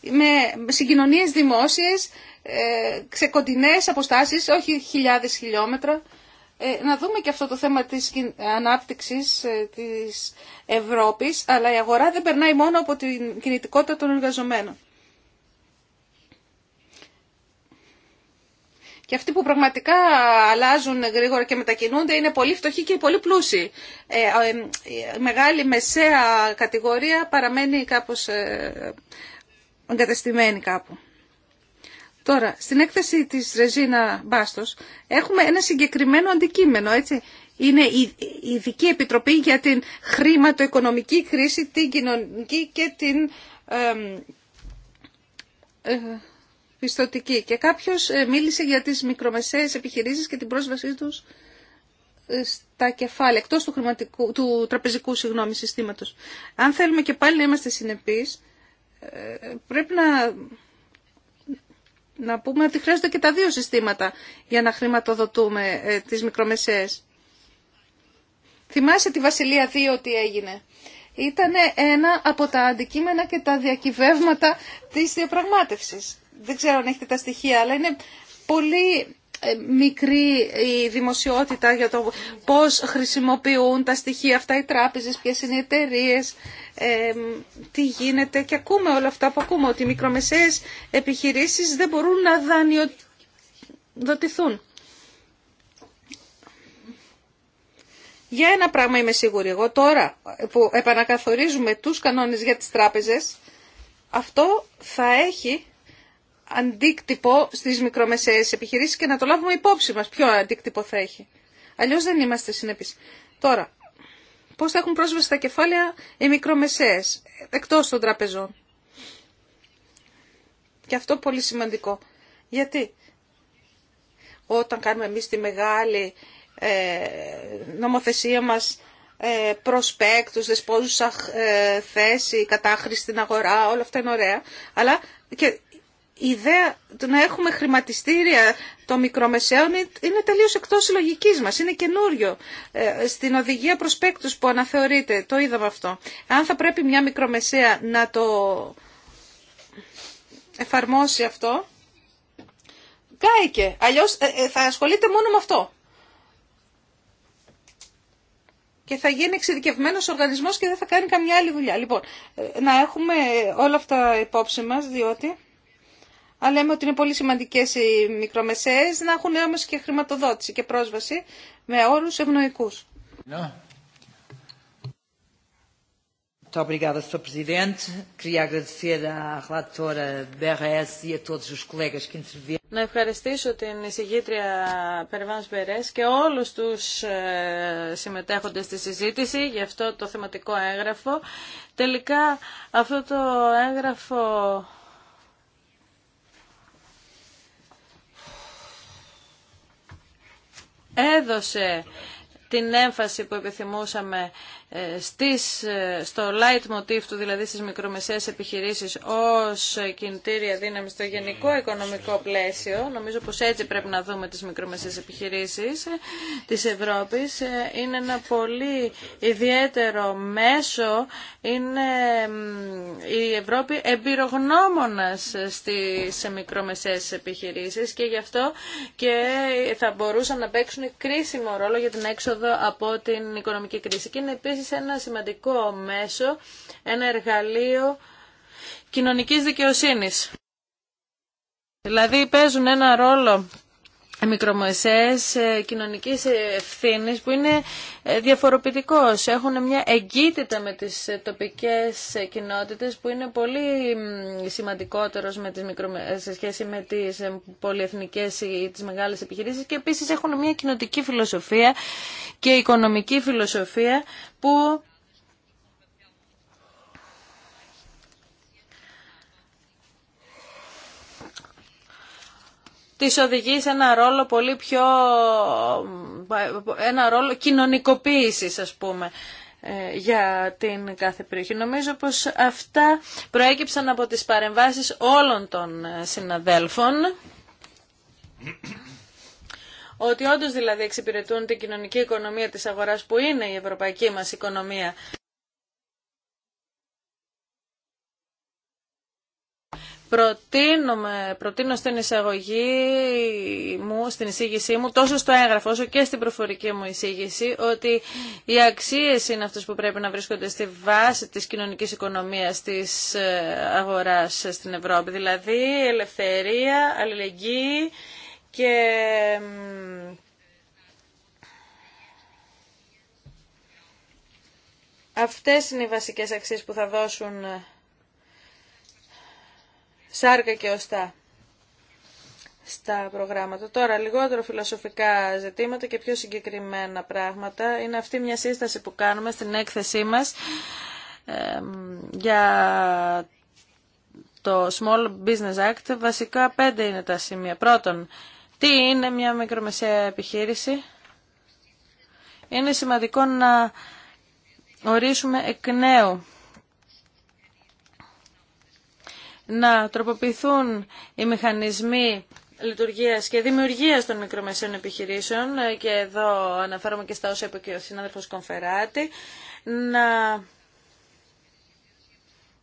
Με συγκοινωνίες δημόσιες, σε κοντινέ αποστάσεις, όχι χιλιάδε χιλιόμετρα. Ε, να δούμε και αυτό το θέμα της ανάπτυξης ε, της Ευρώπης, αλλά η αγορά δεν περνάει μόνο από την κινητικότητα των εργαζομένων. Και αυτοί που πραγματικά αλλάζουν γρήγορα και μετακινούνται είναι πολύ φτωχοί και πολύ πλούσιοι. Ε, ε, η μεγάλη μεσαία κατηγορία παραμένει κάπως ε, εγκατεστημένη κάπου. Τώρα, στην έκθεση της Ρεζίνα Μπάστος έχουμε ένα συγκεκριμένο αντικείμενο, έτσι. Είναι η Ειδική Επιτροπή για την Χρηματοοικονομική Κρίση, την Κοινωνική και την πιστοτική. Και κάποιο ε, μίλησε για τις μικρομεσαίε επιχειρήσεις και την πρόσβασή τους ε, στα κεφάλαια, εκτός του, του τραπεζικού συγγνώμη, συστήματος. Αν θέλουμε και πάλι να είμαστε συνεπείς, ε, πρέπει να, να πούμε ότι χρειάζονται και τα δύο συστήματα για να χρηματοδοτούμε τις μικρομεσαίες. Θυμάσαι τη Βασιλεία 2 τι έγινε. Ήταν ένα από τα αντικείμενα και τα διακυβεύματα της διαπραγμάτευσης δεν ξέρω αν έχετε τα στοιχεία, αλλά είναι πολύ ε, μικρή η δημοσιότητα για το πώς χρησιμοποιούν τα στοιχεία αυτά οι τράπεζες, ποιες είναι οι εταιρείε, ε, τι γίνεται και ακούμε όλα αυτά που ακούμε ότι οι μικρομεσαίες επιχειρήσεις δεν μπορούν να δανειοδοτηθούν. Για ένα πράγμα είμαι σίγουρη εγώ τώρα που επανακαθορίζουμε τους κανόνες για τις τράπεζες αυτό θα έχει αντίκτυπο στις μικρομεσαίες επιχειρήσει και να το λάβουμε υπόψη μα ποιο αντίκτυπο θα έχει. Αλλιώς δεν είμαστε συνεπείς. Τώρα, πώς θα έχουν πρόσβαση στα κεφάλαια οι μικρομεσαίες εκτός των τραπεζών. Και αυτό πολύ σημαντικό. Γιατί όταν κάνουμε εμείς τη μεγάλη ε, νομοθεσία μας ε, προσπέκτους, δεσπόζουσα ε, θέση, κατάχρηση στην αγορά, όλα αυτά είναι ωραία. Αλλά και η ιδέα του να έχουμε χρηματιστήρια των μικρομεσαίων είναι τελείως εκτός λογικής μας. Είναι καινούριο. Ε, στην οδηγία προσπέκτους που αναθεωρείται, το είδαμε αυτό. Αν θα πρέπει μια μικρομεσαία να το εφαρμόσει αυτό, κάηκε. Αλλιώς ε, ε, θα ασχολείται μόνο με αυτό. Και θα γίνει εξειδικευμένος οργανισμός και δεν θα κάνει καμιά άλλη δουλειά. Λοιπόν, να έχουμε όλα αυτά υπόψη μας, διότι αλλά λέμε ότι είναι πολύ σημαντικέ οι μικρομεσαίες να έχουν όμω και χρηματοδότηση και πρόσβαση με όρους ευνοϊκούς. Να ευχαριστήσω την εισηγήτρια Περβάνς Μπερές και όλους τους ε, συμμετέχοντες στη συζήτηση για αυτό το θεματικό έγγραφο. Τελικά αυτό το έγγραφο έδωσε την έμφαση που επιθυμούσαμε ε, στις, ε, στο light motif του, δηλαδή στις μικρομεσαίες επιχειρήσεις ως κινητήρια δύναμη στο γενικό οικονομικό πλαίσιο, νομίζω πως έτσι πρέπει να δούμε τις μικρομεσαίες επιχειρήσεις ε, της Ευρώπης, είναι ένα πολύ ιδιαίτερο μέσο, είναι η Ευρώπη εμπειρογνώμονας στις μικρομεσαίες επιχειρήσεις και γι' αυτό και θα μπορούσαν να παίξουν κρίσιμο ρόλο για την έξοδο από την οικονομική κρίση. Και είναι επίσης ένα σημαντικό μέσο, ένα εργαλείο κοινωνικής δικαιοσύνης. Δηλαδή παίζουν ένα ρόλο μικρομεσαίες ε, κοινωνικής ευθύνης που είναι ε, διαφοροποιητικός. Έχουν μια εγκύτητα με τις ε, τοπικές κοινότητες που είναι πολύ σημαντικότερος με τις σε σχέση με τις πολυεθνικές ή τις μεγάλες επιχειρήσεις και επίσης έχουν μια κοινοτική φιλοσοφία και οικονομική φιλοσοφία που τις οδηγεί σε ένα ρόλο πολύ πιο... ένα ρόλο κοινωνικοποίησης ας πούμε ε, για την κάθε περιοχή. Νομίζω πως αυτά προέκυψαν από τις παρεμβάσεις όλων των συναδέλφων ότι όντως δηλαδή εξυπηρετούν την κοινωνική οικονομία της αγοράς που είναι η ευρωπαϊκή μας οικονομία. Προτείνουμε, προτείνω στην εισαγωγή μου, στην εισήγησή μου, τόσο στο έγγραφο όσο και στην προφορική μου εισήγηση, ότι οι αξίες είναι αυτές που πρέπει να βρίσκονται στη βάση της κοινωνικής οικονομίας της ε, αγοράς στην Ευρώπη, δηλαδή ελευθερία, αλληλεγγύη και αυτές είναι οι βασικές αξίες που θα δώσουν ε, σάρκα και οστά στα προγράμματα. Τώρα, λιγότερο φιλοσοφικά ζητήματα και πιο συγκεκριμένα πράγματα. Είναι αυτή μια σύσταση που κάνουμε στην έκθεσή μας για το Small Business Act. Βασικά πέντε είναι τα σημεία. Πρώτον, τι είναι μια μικρομεσαία επιχείρηση. Είναι σημαντικό να ορίσουμε εκ νέου να τροποποιηθούν οι μηχανισμοί λειτουργίας και δημιουργίας των μικρομεσαίων επιχειρήσεων ε, και εδώ αναφέρομαι και στα όσα είπε και ο συνάδελφος Κομφεράτη να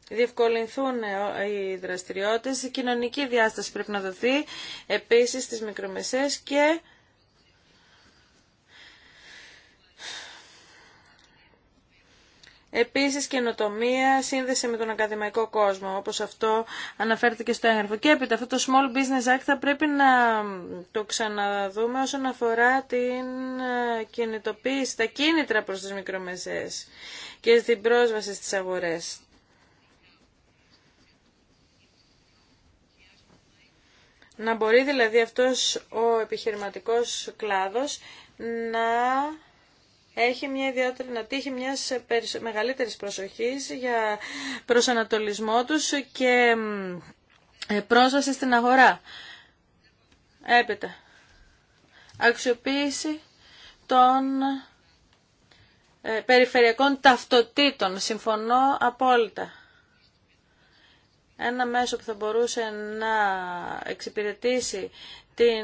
διευκολυνθούν ε, οι δραστηριότητες η κοινωνική διάσταση πρέπει να δοθεί επίσης στις μικρομεσαίες και Επίσης καινοτομία, σύνδεση με τον ακαδημαϊκό κόσμο, όπως αυτό αναφέρθηκε στο έγγραφο. Και έπειτα αυτό το Small Business Act θα πρέπει να το ξαναδούμε όσον αφορά την ε, κινητοποίηση, τα κίνητρα προς τις μικρομεσαίες και την πρόσβαση στις αγορές. Να μπορεί δηλαδή αυτός ο επιχειρηματικός κλάδος να έχει μια ιδιαίτερη, να τύχει μια μεγαλύτερη προσοχή για προσανατολισμό τους και ε, πρόσβαση στην αγορά. Έπειτα, αξιοποίηση των ε, περιφερειακών ταυτοτήτων. Συμφωνώ απόλυτα. Ένα μέσο που θα μπορούσε να εξυπηρετήσει ε,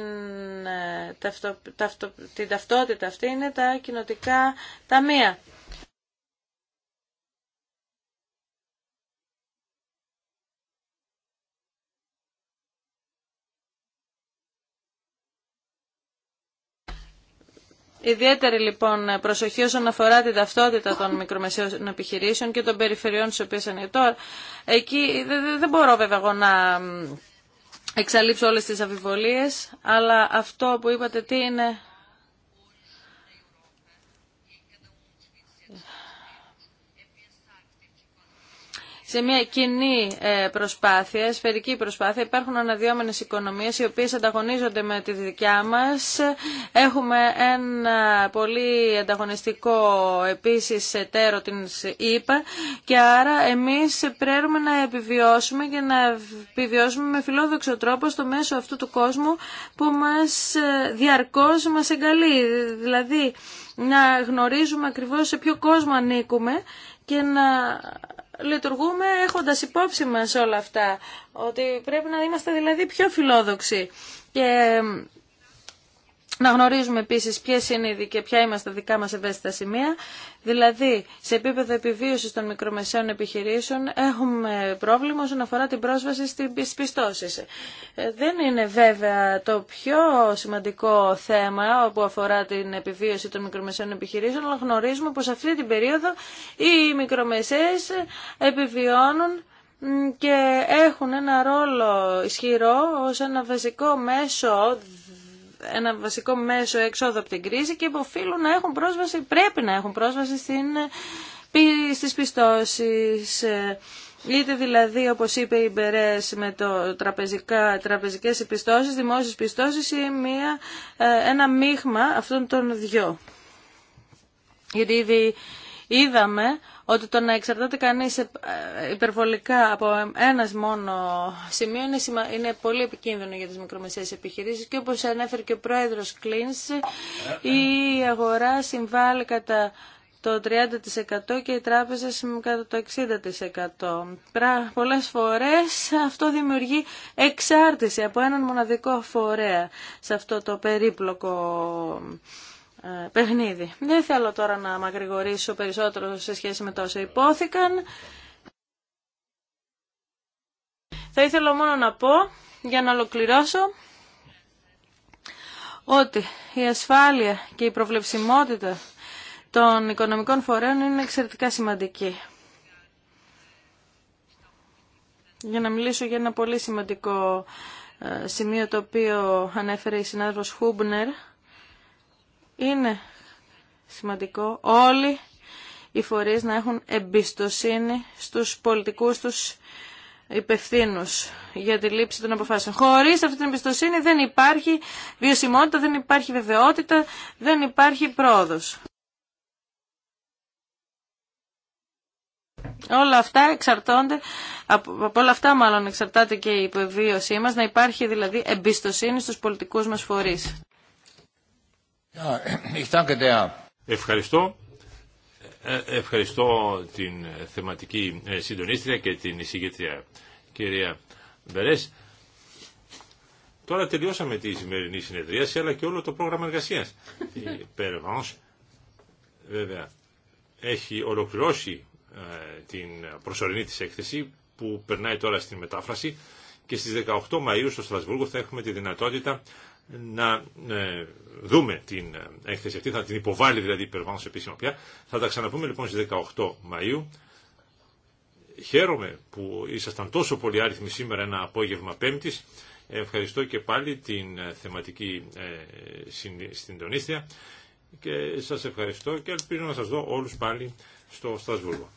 την, ταυτότητα αυτή είναι τα κοινοτικά ταμεία. Ιδιαίτερη λοιπόν προσοχή όσον αφορά την ταυτότητα των μικρομεσαίων επιχειρήσεων και των περιφερειών στις οποίες είναι τώρα. Εκεί δεν μπορώ βέβαια εγώ να εξαλείψω όλες τις αμφιβολίες, αλλά αυτό που είπατε τι είναι σε μια κοινή ε, προσπάθεια, σφαιρική προσπάθεια. Υπάρχουν αναδυόμενες οικονομίες οι οποίες ανταγωνίζονται με τη δικιά μας. Έχουμε ένα πολύ ανταγωνιστικό επίσης τέρο την ΕΥΠΑ και άρα εμείς πρέπει να επιβιώσουμε και να επιβιώσουμε με φιλόδοξο τρόπο στο μέσο αυτού του κόσμου που μας ε, διαρκώς μας εγκαλεί. Δηλαδή να γνωρίζουμε ακριβώς σε ποιο κόσμο ανήκουμε και να λειτουργούμε έχοντας υπόψη μας όλα αυτά, ότι πρέπει να είμαστε δηλαδή πιο φιλόδοξοι. Και να γνωρίζουμε επίση ποιε είναι και ποια είμαστε δικά μα ευαίσθητα σημεία. Δηλαδή, σε επίπεδο επιβίωσης των μικρομεσαίων επιχειρήσεων έχουμε πρόβλημα όσον αφορά την πρόσβαση στις πιστώσεις. Ε, δεν είναι βέβαια το πιο σημαντικό θέμα που αφορά την επιβίωση των μικρομεσαίων επιχειρήσεων, αλλά γνωρίζουμε πως αυτή την περίοδο οι μικρομεσαίες επιβιώνουν και έχουν ένα ρόλο ισχυρό ως ένα βασικό μέσο ένα βασικό μέσο έξοδο από την κρίση και οφείλουν να έχουν πρόσβαση, πρέπει να έχουν πρόσβαση στην, ε, στις πιστώσεις. Ε, είτε δηλαδή, όπως είπε η Μπερές, με το τραπεζικά, τραπεζικές επιστώσεις, δημόσιες πιστώσεις ή μια, ε, ένα μείγμα αυτών των δυο. Γιατί ήδη είδαμε ότι το να εξαρτάται κανείς ε, υπερβολικά από ένας μόνο σημείο είναι, πολύ επικίνδυνο για τις μικρομεσαίες επιχειρήσεις και όπως ανέφερε και ο πρόεδρος Κλίνς, η αγορά συμβάλλει κατά το 30% και οι τράπεζες κατά το 60%. Πολλές φορές αυτό δημιουργεί εξάρτηση από έναν μοναδικό φορέα σε αυτό το περίπλοκο παιχνίδι. Δεν θέλω τώρα να μακρηγορήσω περισσότερο σε σχέση με τα όσα υπόθηκαν. Θα ήθελα μόνο να πω, για να ολοκληρώσω, ότι η ασφάλεια και η προβλεψιμότητα των οικονομικών φορέων είναι εξαιρετικά σημαντική. Για να μιλήσω για ένα πολύ σημαντικό ε, σημείο το οποίο ανέφερε η συνάδελφος Χούμπνερ, είναι σημαντικό όλοι οι φορείς να έχουν εμπιστοσύνη στους πολιτικούς τους υπευθύνου για τη λήψη των αποφάσεων. Χωρί αυτή την εμπιστοσύνη δεν υπάρχει βιωσιμότητα, δεν υπάρχει βεβαιότητα, δεν υπάρχει πρόοδο. Όλα αυτά εξαρτώνται, από όλα αυτά μάλλον εξαρτάται και η επιβίωσή μας, να υπάρχει δηλαδή εμπιστοσύνη στους πολιτικούς μας φορείς. Ε, ευχαριστώ. την θεματική ε, συντονίστρια και την εισηγήτρια κυρία Μπερές. Τώρα τελειώσαμε τη σημερινή συνεδρίαση αλλά και όλο το πρόγραμμα εργασίας. Η Περβάνς βέβαια έχει ολοκληρώσει ε, την προσωρινή της έκθεση που περνάει τώρα στην μετάφραση και στις 18 Μαΐου στο Στρασβούργο θα έχουμε τη δυνατότητα να ε, δούμε την ε, έκθεση αυτή, θα την υποβάλει δηλαδή υπερβάνω επίσημα πια. Θα τα ξαναπούμε λοιπόν στις 18 Μαΐου. Χαίρομαι που ήσασταν τόσο πολύ άριθμοι σήμερα ένα απόγευμα Πέμπτης. Ευχαριστώ και πάλι την ε, θεματική συντονίστρια και σας ευχαριστώ και ελπίζω να σας δω όλους πάλι στο Στασβούργο.